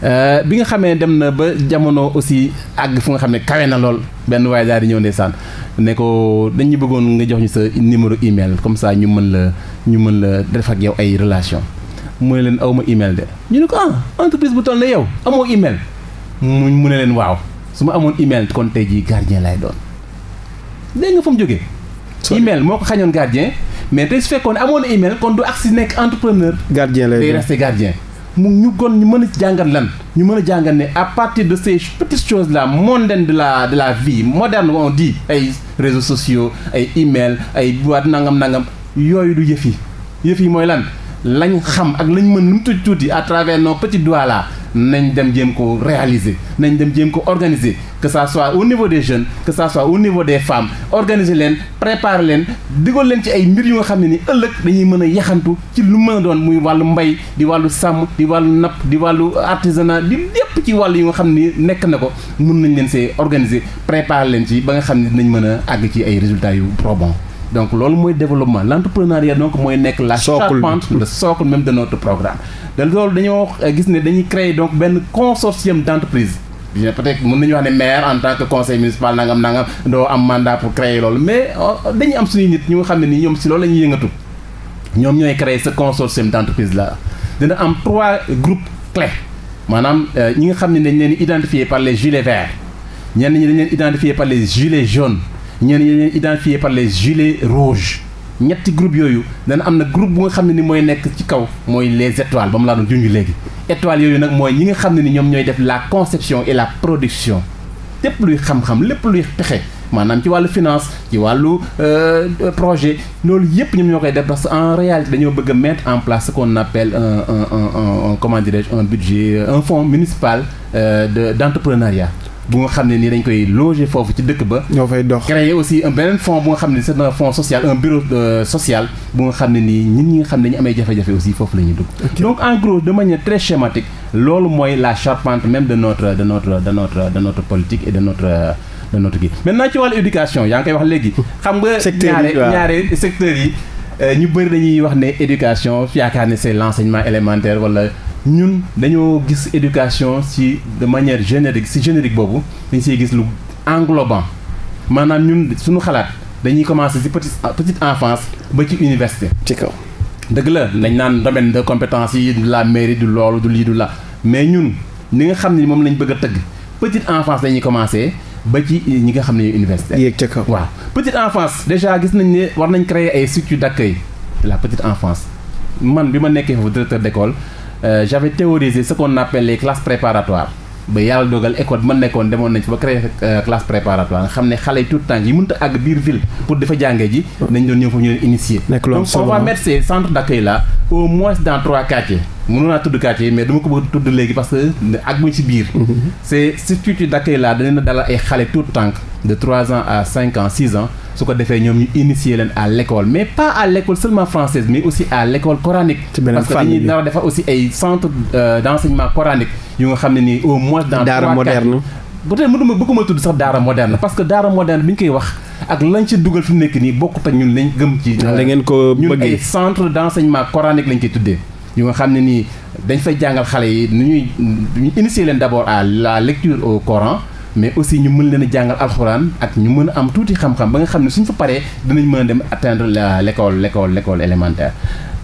Euh, bi nga xamee dem na ba jamono aussi àgg fu nga xam ne kawe na lool benn waaye daal di ñëw ndeysaan ne ko dañu bëggoon nga jox ñu sa numéro email comme ça ñu mën la ñu mën la def yow ay relation mu ne leen aw ma email de ñu ne ko am ah, entreprise bu toll na yow amoo email mu mu ne leen waaw su ma amoon email kon tey jii gardien lay doon. léegi nga fa mu jógee. email moo ko xañoon gardien mais tey su fekkoon amoon email kon du si nekk entrepreneur. gardien lay day resté gardien. mu ñu gon ñu mën a jàngat lan ñu mën a jàngat ne à partir de ces petites choses là mondaines de la de la vie moderne on di ay réseaux sociaux ay email ay boîte nangam nangam yooyu du yëf yi yëf yi mooy lan lañ xam ak lañ mën nu mu tuuti tuuti à travers nos petits doigts là nañ dem jéem ko réaliser nañ dem jéem ko organiser que ça soit au niveau des jeunes que ça soit au niveau des femmes organisé leen préparer leen digal leen ci ay mbir yu nga xam ne ni ëllëg dañuy mën a yaxantu ci lu ma doon muy wàllu mbay di wàllu sàmm di wàllu napp di wàllu artisanat di lépp ci wàll yu nga xam ni nekk na ko mun nañ leen see organiser préparer leen ci ba nga xam ne nañ mën a àgg ci ay résultat yu probants donc loolu mooy développement l'entrepreneuriat donc mooy nekk la charpente le socle même de notre programme da loolu dañoo euh, gis ne dañuy créer donc benn consortium d' entreprise peut-être mën nañu wax ne maire en tant que conseil municipal nangam nangam doo am mandat pour créer loolu mais euh, dañuy am suñuy nit ñu nga xam ne nii ñoom si loolu la ñuy yëngatu ñoom ñooy créer ce consortium d' entreprise là dina am trois groupes clés maanaam euh, ñi nga xam ne dañ leen identifier par les gilets verts ñenn ñi dañ leen identifier par les gilets jaunes ñenn ñi dañ leen identifier par les gilets rouges ñetti groupe yooyu dana am na groupe bu nga xam ne ni mooy nekk ci kaw mooy les étoiles ba mu laa doon junj léegi étoiles yooyu nag mooy ñi nga xam ne ni ñoom ñooy def la conception et la production tépp luy xam-xam lépp luy pexe maanaam ci wàllu finance ci wàllu euh, projet loolu yëpp ñoom ñoo koy def parce que en réalité dañoo bëgg a mettre en place ce qu'on appelle un un un un comment dirais un budget un fonds municipal euh, de d'entrepreneuriat bu nga xam ne nii dañ koy loger foofu ci dëkk ba. ñoo fay dox créer aussi un beneen fonds bu nga xam ne c'est un fonds social un bureau euh, social bu nga xam ne nii ñun ñi nga xam ne ñu amee jafe-jafe aussi foofu la ñuy dugg. donc en de de manière très schématique loolu mooy la charpente même de notre de notre de notre de notre politique et de notre. de notre kii maintenant ci wàllu éducation yaa ngi koy wax léegi. xam nga ñaare ñaare secteurs yi. Euh, ñu bëri dañuy wax ne éducation yaakaar ne c'est l'enseignement élémentaire wala ñun dañoo gis éducation ci de manière générique ci générique boobu dañ see gis lu englobant maanaam ñun suñu xalaat dañuy commencer ci petite petite enfance ba ci université. ci kaw dëgg la dañ naan domaine de compétence yi du la mairie du loolu du lii du la mais ñun ni nga xam ni moom lañ bëgg a tëgg petite enfance dañuy commencer. ba ci ñi nga xam ne ñooy université. yéeg ca kaw waaw petite enfance déjà gis nañ ne war nañ créer ay structures d'accueil de la petite enfance man bi ma nekkee foofu directeur d'école euh, j'avais théorisé ce qu'on appelle les classes préparatoires ba yàlla dogal école bi nekkoon demoon nañ ci ba créer euh, classe préparatoire nga xam ne xale yi tout le temps yi mënut a àgg biir ville pour dafa jànge ji. nañ doon ñëw foofu ñu leen initier. donc on va mettre ces centres d'accueil là au dans trois quartiers. mënu naa tudd quartier mais dama ko bëgg tudd léegi parce que ak mu ci biir mhm. c'est structure d'accueil là dañu na dalal ay xale tout tànk de trois ans à cinq ans six ans su ko defee ñoom ñu initier leen à l'école mais pas à l'école seulement française mais aussi à l'école coranique parce que dañuy nar a defar aussi ay centre euh, d'enseignement coranique yu nga xam ne nii au moins dans daara moderne peut-être mënuma bëgguma tudd sax daara moderne parce que daara moderne bi ñu koy wax ak lañ fi mu nekk nii bokkut ak ñun lañ gëm ci da ngeen ko bëggee ñun ay centre d'enseignement lañ koy tuddee ñu nga xam ne nii dañ fay jàngal xale yi nu ñuy ñu initier leen d' abord à la lecture au Coran mais aussi ñu mën leen a jàngal alxuraan ak ñu mën a am tuuti xam-xam ba nga xam ne suñ fa paree dinañ mën a dem atteindre la l' école l' élémentaire.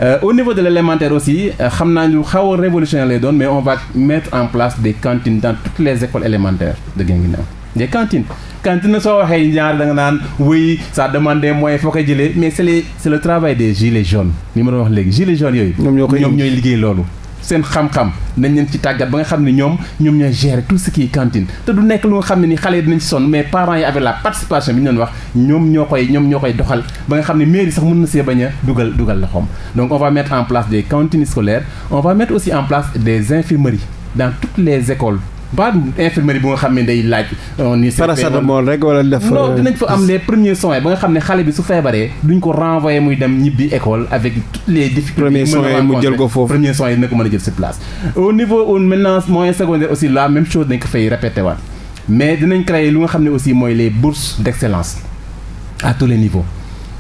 Euh, au niveau de l' élémentaire aussi euh, xam naa ñu xaw a révolutionnaire lay doon mais on va mettre en place des cantines dans toutes les écoles élémentaires de Guinguinéo des cantines. quand na soo waxee ñaar da nga naan oui ça demande des moyens foo koy jëlee mais c'est les c'est le travail des gilets jaunes li ma doon wax léegi gilets jaunes yooyu ñoom ñooy liggéey loolu seen xam-xam nañ leen ci tàggat ba nga xam ne ñoom ñoom ñooy gérer tout ce qui est te du nekk lu nga xam ne ni xale yi dinañ ci sonn mais parents yi avec la participation bi ñu doon wax ñoom ñoo koy ñoom ñoo koy doxal ba nga xam ne mairie sax mën na see bañ a dugal dugal loxoom donc on va mettre en place des cantines scolaires on va mettre aussi en place des les écoles ba infirmerie bu nga xam ne day laaj. Euh, ni paracétamol rek wala def. Euh, dinañ fa am les premiers soins ba nga xam ne xale bi su feebaree duñ ko renvoyer muy dem ñibbi école avec toutes les difficultés. premiers soins yi mu jël ko foofu premiers soins yi dina a jël sur place. au niveau maintenant moyen secondaire aussi la même chose dañ ko fay répété mais dinañ créer lu nga xam ne aussi mooy les bourses d'excellence à tous les niveaux.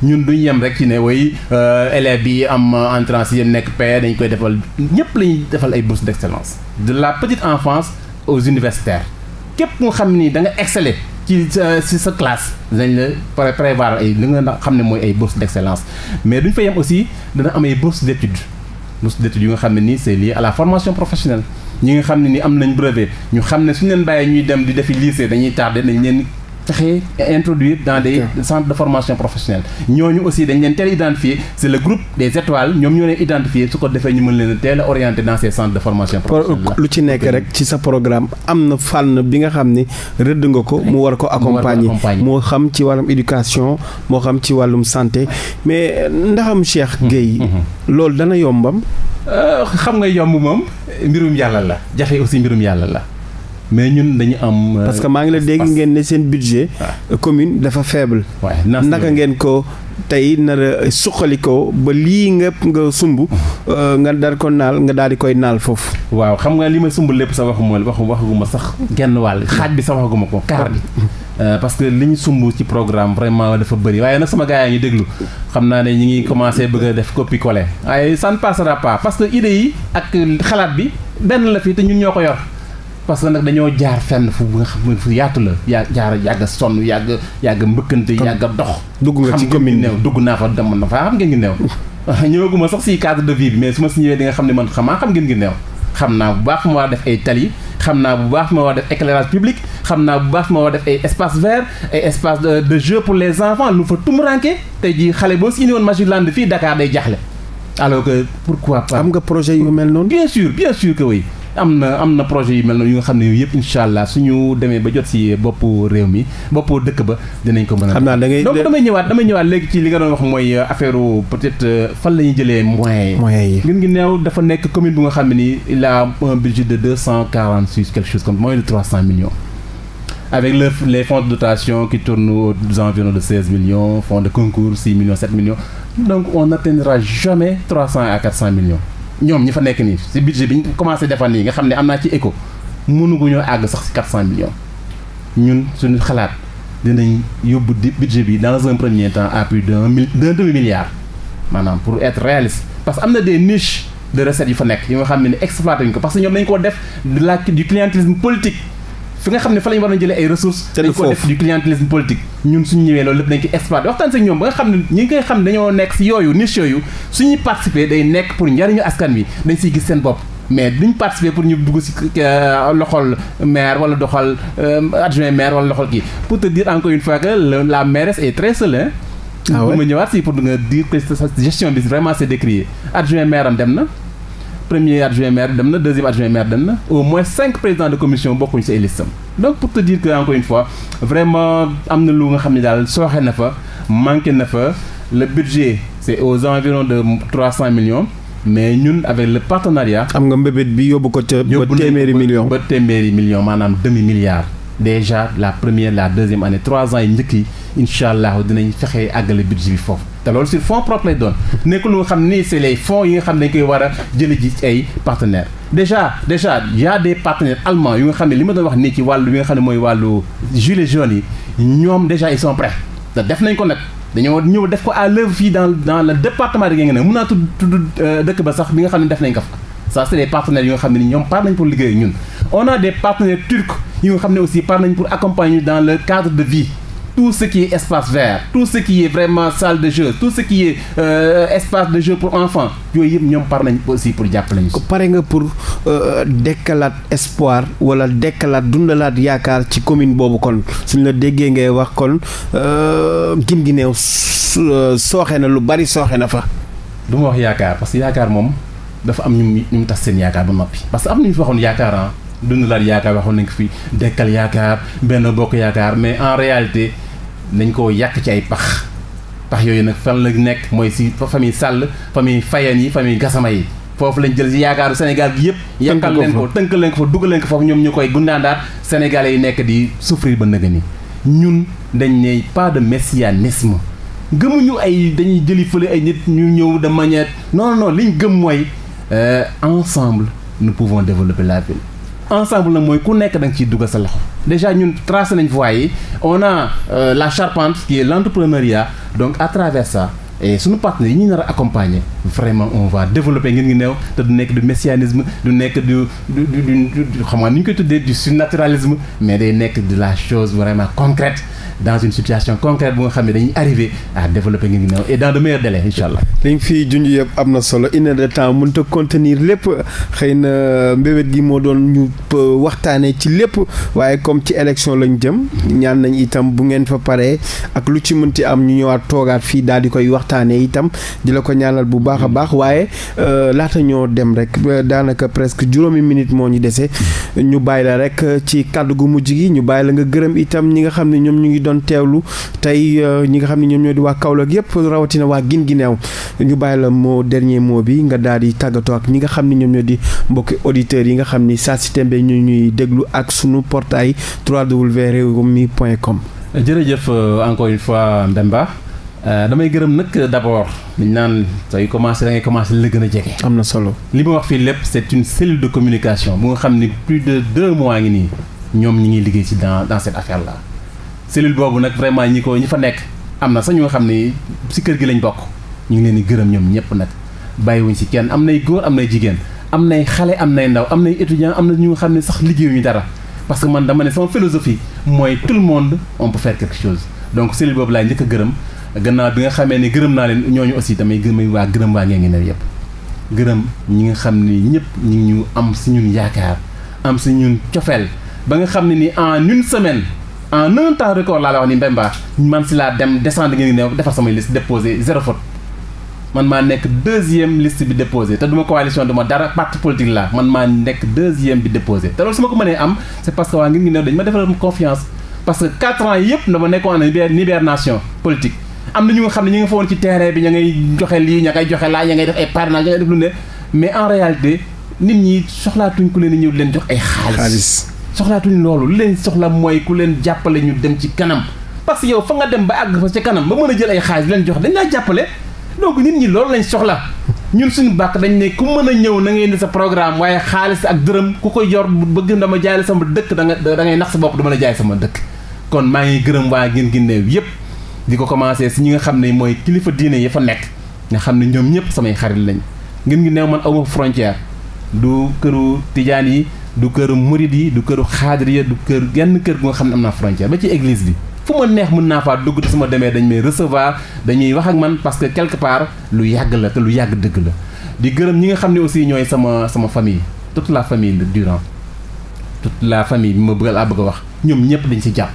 ñun duñ yem rek ci ne way euh, élèves bi am entrance yéen nekk paie dañ koy defal ñëpp lañuy defal ay bourses d'excellence de aux universitaires képp nga xam ni da nga exceller ci sa euh, ci sa classe dañ la prévoir ay li nga xam ne mooy ay bourses d'excellence mais duñ fa yem aussi dana am ay bourses d'études bourses d'études yu nga xam ne nii c'est lié à la formation professionnelle ñi nga xam ne ni am nañ brevet ñu xam ne suñu leen bàyyee ñuy dem di defi lycée dañuy tardé dañ leen fexe introduire dans des centres de formation professionnelle ñooñu aussi dañ leen teel identifier c'est le groupe des étoiles ñoom ñoo leen identifier su ko defee ñu mën leen teel a orienter dans ces de formation professionnelle lu ci nekk rek ci sa programme am na fànn bi nga xam ne rëdd nga ko mu war ko accompagner moo xam ci wàllum éducation moo xam ci wàllum santé mais ndaxam Cheikh hmm. Gueye hmm. loolu dana yombam euh, xam nga yomb moom mbirum yàlla la jafe aussi mbirum yàlla la mais ñun dañu am. Euh, parce que maa ngi la dégg ngeen ne seen budget. commune dafa faible. naka ngeen ko tey nar a suqali ko ba lii nga nga sumb. Mm-hmm. Euh, nga dar ko naal nga daal di koy naal foofu. waaw xam nga li ma sumb lépp sa waxuma waxu waxaguma sax. genn wàll mm-hmm. xaaj bi sa waxaguma ko kaar bi. Mm-hmm. Euh, parce que li ñu sumb ci programme vraiment dafa bëri waaye nag sama gars yaa ngi déglu xam naa ne ñu ngi commencé bëgg a def copie coller waaye ça ne passera pas parce que idée yi ak xalaat bi benn la fii te ñoo ko yor. parce que nag dañoo jaar fenn fu nga xam fu yaatu la. yaa jaar yàgg sonn yàgg yàgg mbëkkante yàgg dox. dugg nga ci commune néew dugg naa fa dem na faa xam ngeen ngi néew. ñëwaguma sax si cadre de vie mais su ma si nga xam ne man xamaa xam ngeen ngi néew. xam naa bu baax ma waa def ay tali xam naa bu baax ma war def éclairage public xam naa bu baax ma war def ay espace vert espace de jeu pour les enfants lu fa tumuranke tey jii xale boo si indi woon Magic Land fii Dakar day jaxle alors que pourquoi pas. am nga projet yi yu mel noonu. bien sûr bien sûr que am na am na projet yu mel na yu nga xam ne yooyu yëpp incha allah suñu demee ba jot si bopp réew mi boppu dëkk ba dinañ ko mën a. xam naa ngay donc damay ñëwaat damay ñëwaat léegi ci li nga doon wax mooy euh, affaire peut-être euh, fan la ñuy jëlee moyens yi. moyens ngi neew dafa nekk commune bu nga xam ne nii il a un budget de deux cent quarante six quelque chose comme moins de trois cent millions. avec le les fonds de dotation qui tournent aux environs de 16 millions fonds de concours 6 millions 7 millions ñoom ñi fa nekk nii si budget bi ñu commencé defal nii nga xam ne am naa ci écho mënuguñoo àgg sax si 400 millions ñun suñu xalaat dinañ yóbbu budget bi dans un premier temps à plus d'un mille d'un demi milliard maanaam pour être réaliste parce que am na des niches de recettes yu fa nekk yi nga xam ne ne exploité ñu ko parce que ñoom dañ koo def de la du clientélisme politique fi nga xam ne fa lañ war a jëlee ay ressources dañ ko def du clientélisme politique ñun suñu ñëwee loolu lépp dañ ci exploité waxtaan si ñoom ba nga xam ne ñi nga xam ne dañoo nekk si yooyu niche yooyu suñuy participer day nekk pour njariñu askan wi dañ siy gis seen bopp mais duñ participer pour ñu dugg si euh, loxol maire wala doxal euh, adjoint maire wala loxol kii pour te dire encore une la maire est très seule ah ouais pour si pour nga dire que gestion bi vraiment c'est décrié adjoint maire am dem na premier adjoint maire dem na deuxième adjoint maire dem na au moins cinq présidents de commission bokkuñu ci ay listam donc pour te dire que encore une fois vraiment am na lu nga xam ne daal sooxe na fa manqué na fa le budget c'est aux environs de trois cent millions mais ñun avec le partenariat. am nga mbébét bi yóbbu ko ca. ba téeméeri million ba téeméeri million maanaam demi milliard. déjà la première la deuxième année trois ans yi njëkk yi incha allah dinañ fexe àggale budget bi foofu. te loolu sur fonds propres lay doon nekkul lu nga xam ni c'est les yi nga xam ne dañ koy war a jële ji ci ay partenaires déjà déjà y a xam ne li ma doon wax nii ci wàllu bi xam ne mooy wàllu gilets jaunes yi ñoom déjà ils sont prêts te def nañ ko nag dañoo ñëw def ko à l'œuvre fii dans dans le département de Guinguinéo mën naa tudd euh, dëkk ba sax bi nga xam ne def nañ ko fa sa c'est des yu nga xam ne ñoom par nañ pour liggéey ak ñun on a des partenaires turcs yu nga xam ne aussi par nañ pour accompagner dans le cadre de vie tout ce qui est espace vert tout ce qui est vraiment salle de jeu tout ce qui est euh, espace de jeu pour enfants yooyu yëpp ñoom par nañ aussi pour jàppale ñu. pare nga pour euh, dekkalaat espoir wala dekkalaat dundalaat yaakaar ci commune boobu kon suñ la déggee ngay wax kon euh, Guinguinéo euh, sooxe na lu bari sooxe na fa. du ma wax yaakaar parce que yaakaar moom dafa am ñu ñu tas seen yaakaar ba noppi. parce que am na ñu fi waxoon yaakaar ah dundalaat yaakaar waxoon nañ ko fi dañ koo yàq ci ay pax pax yooyu nag fan la nekk mooy si famille Sall famille Fayane yi famille Gassama yi foofu lañ jël yaakaaru Sénégal gi yëpp yàqal leen ko tënk leen ko fa dugal leen ko foofu ñoom ñu koy gundaandaat sénégalais yi nekk di souffrir ba nëga ni ñun dañ ne pas de messianisme gëmuñu ay dañuy jëli fële ay nit ñu ñëw de manière non non liñ gëm mooy euh, ensemble nous pouvons développer la ville ensemble nag mooy ku nekk da nga ciy dugal sa loxo déjà ñun tracé nañ voie yi on a euh, la charpente qui est l'entrepreneuriat donc à travers ça et suñu partenaires yi ñu nar a accompagner vraiment on va développer ngeen ngi neew te du nekk du messianisme du nekk du du du du xam nga ni ñu koy tuddee du surnaturalisme mais day nekk de la chose vraiment concrète dans une situation concrète bu nga xam ne dañuy arriver à développer ngi néew et am na solo une heure de temps mënut contenir lépp xëy na mbébét gi moo doon ñu euh, waxtaanee ci lépp waaye comme ci élection lañ jëm ñaan nañ itam bu ngeen fa paree ak lu ci mënti am ñu ñëwaat toogaat fii daal di koy waxtaanee itam di la ko ñaanal bu baax a mm. baax waaye euh, laata ñoo dem rek euh, daanaka presque juróomi minute moo ñu dese mm. ñu bàyyi la rek ci kàddu gu mujj gi ñu bàyyi la nga gërëm doon teewlu tey euh, ñi nga xam ne ñoom ñoo di waa Kaolack yëpp rawatina waa gin gineew ñu bàyyi la moo dernier moo bi nga daal di tàggatoo ak ñi nga xam ne ñoom ñoo di mbokki auditeurs yi nga xam ni saa si tembe ñu ñuy déglu ak sunu portail www.rewmi.com jërëjëf euh, encore une fois Mbemba euh, damay gërëm nag d' abord dañ naan sooy commencé da ngay commencé li la gën a jege. am na solo li ma wax fii lépp c' est une cellule de communication bu nga xam ni plus de deux mois ngi ñoom ñi ngi liggéey ci dans dans affaire là. cellule boobu nag vraiment ñi ko ñi fa nekk am na sax ñu nga xam ni si kër gi lañ bokk ñu ngi leen di gërëm ñoom ñëpp nag bàyyiwuñ si kenn am nay góor am nay jigéen am nay xale am nay ndaw am nay étudiant am na ñu nga xam ne sax liggéeyuñu dara parce que man dama ne sama philosophie mooy tout le monde on peut faire quelque chose donc cellule boobu laay njëkk a gërëm gannaaw bi nga xamee ne gërëm naa leen ñooñu aussi damay gërëmay waa gërëm waa ngee ngi new yëpp gërëm ñi nga xam ne ñëpp ñu ngi ñu am si yaakaar am si ñun cofeel ba nga xam ne ni en une semaine en un temps record laa la wax ni Mbemba man si laa dem descendre ngeen ne defar samay liste déposé zéro faute man maa nekk deuxième liste bi déposé te duma coalition duma dara parti politique laa man maa nekk deuxième bi déposé te loolu su ma ko mënee am c'est parce que waa ngir ngi new dañu ma defal confiance parce que quatre ans yëpp dama nekkoon en hibernation politique am na ñu nga xam ne ñu nga fa woon ci terrain bi ña ngay joxe lii ña ngay joxe laa ña ay parrainage ña ngay def ne mais en réalité nit ñi soxlaatuñ ku leen ñëw leen jox ay xaalis soxlaatuñ loolu li leen soxla mooy ku leen jàppale ñu dem ci kanam parce que yow fa nga dem ba àgg fa ci kanam ba mën a jël ay xaalis leen jox dañ laa jàppale donc nit ñi loolu lañ soxla ñun suñu bàq dañ ne ku mën a ñëw na ngay indi sa programme waaye xaalis ak dërëm ku koy yor bëgg dama jaay sama dëkk da nga da ngay nax sa bopp dama la jaay sama dëkk kon maa ngi gërëm waa gin ginneew yëpp di ko commencé si ñi nga xam ne mooy kilifa diine ya fa nekk nga xam ne ñoom ñëpp samay xarit lañ ngeen ngi neew man awma frontière du këru tijaan yi du këru murid yi du këru xaadir yi du kër genn kër gu nga xam ne am naa frontière ba ci église bi fu ma neex mën naa faa dugg te suma demee dañ may recevoir dañuy wax ak man parce que quelque part lu yàgg la te lu yàgg dëgg la di gërëm ñi nga xam ne aussi ñooy sama sama famille toute la famille duran toute la famille bi ma bëggal a bëgg a wax ñoom ñëpp dañu si jàpp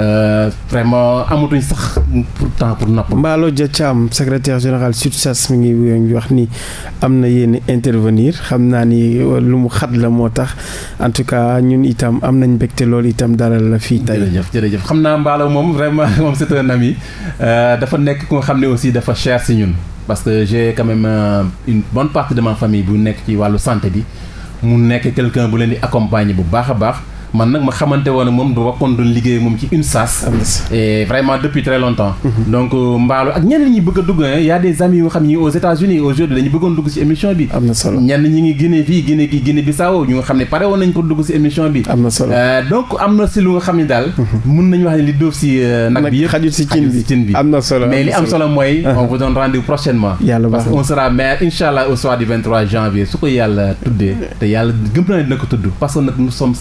Euh, vraiment amatuñ sax pour temps pour napp. Mballo Dia Thiam secrétaire général SUTSAS mu ngi wax ni am na yéen intervenir xam naa ni lu mu xat la moo tax en tout cas ñun itam am nañ mbégte loolu itam dalal la fii tey. jërëjëf jërëjëf xam naa Mballo moom vraiment moom c'est un ami euh, dafa nekk ku nga xam ne aussi dafa cher si ñun. parce que j'ai quand même euh, une bonne partie de famille bu nekk ci wàllu santé bi mu nekk quelqu'un bu leen di accompagner bu baax a baax. man nag ma xamante woon moom du waxoon doon liggéey moom ci UNSAS et vraiment depuis très longtemps mhm. donc euh, mbaalu ak ñenn ñi bëgg dugg y a des amis yoo xam ñi aux États-Unis aujourd'hui dañu bëggoon dugg ci émission bi am ne pare woon nañ pour dugg ci am na solo euh, donc am na si lu nga xam ne daal mhm. mun nañu wax ne li dóof si euh, nag bi yëpp xajul si cin bi am na solo mais li am solo mooy ah. on vous donne rendez-vous prochainement parce que on sera maire incha allah au soir janvier su ko yàlla tuddee te yàlla gëm naa dina ko tudd parce nag nous sommes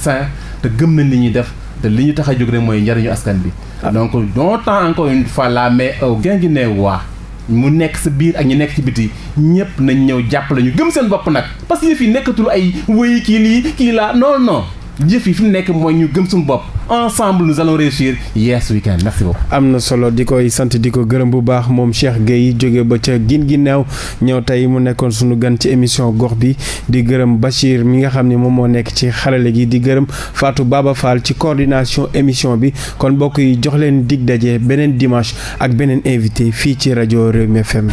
te gëm nañ li ñuy def te li ñu tax a jóg rek mooy njariñu askan bi. Ah. donc longtemps encore une fois la mais au Guinguinéois mu nekk sa biir ak ñu nekk ci biti ñëpp nañ ñëw jàppale ñu gëm seen bopp nag parce que yëf yi nekkatul ay wéy kii lii kii laa non non jëf yi fi nekk mooy ñu gëm suñu bopp. ensemble nous allons réussir yes we can merci am na solo di koy sant di ko gërëm bu baax moom Cheikh Gueye jóge ba ca gin ginnaaw ñëw tey mu nekkoon suñu gan ci émission gox bi di gërëm Bachir mi nga xam ni moom moo nekk ci xarale gi di gërëm faatu Baba faal ci coordination émission bi kon mbokk yi jox leen dig daje beneen dimanche ak beneen invité fii ci rajo Rewmi FM.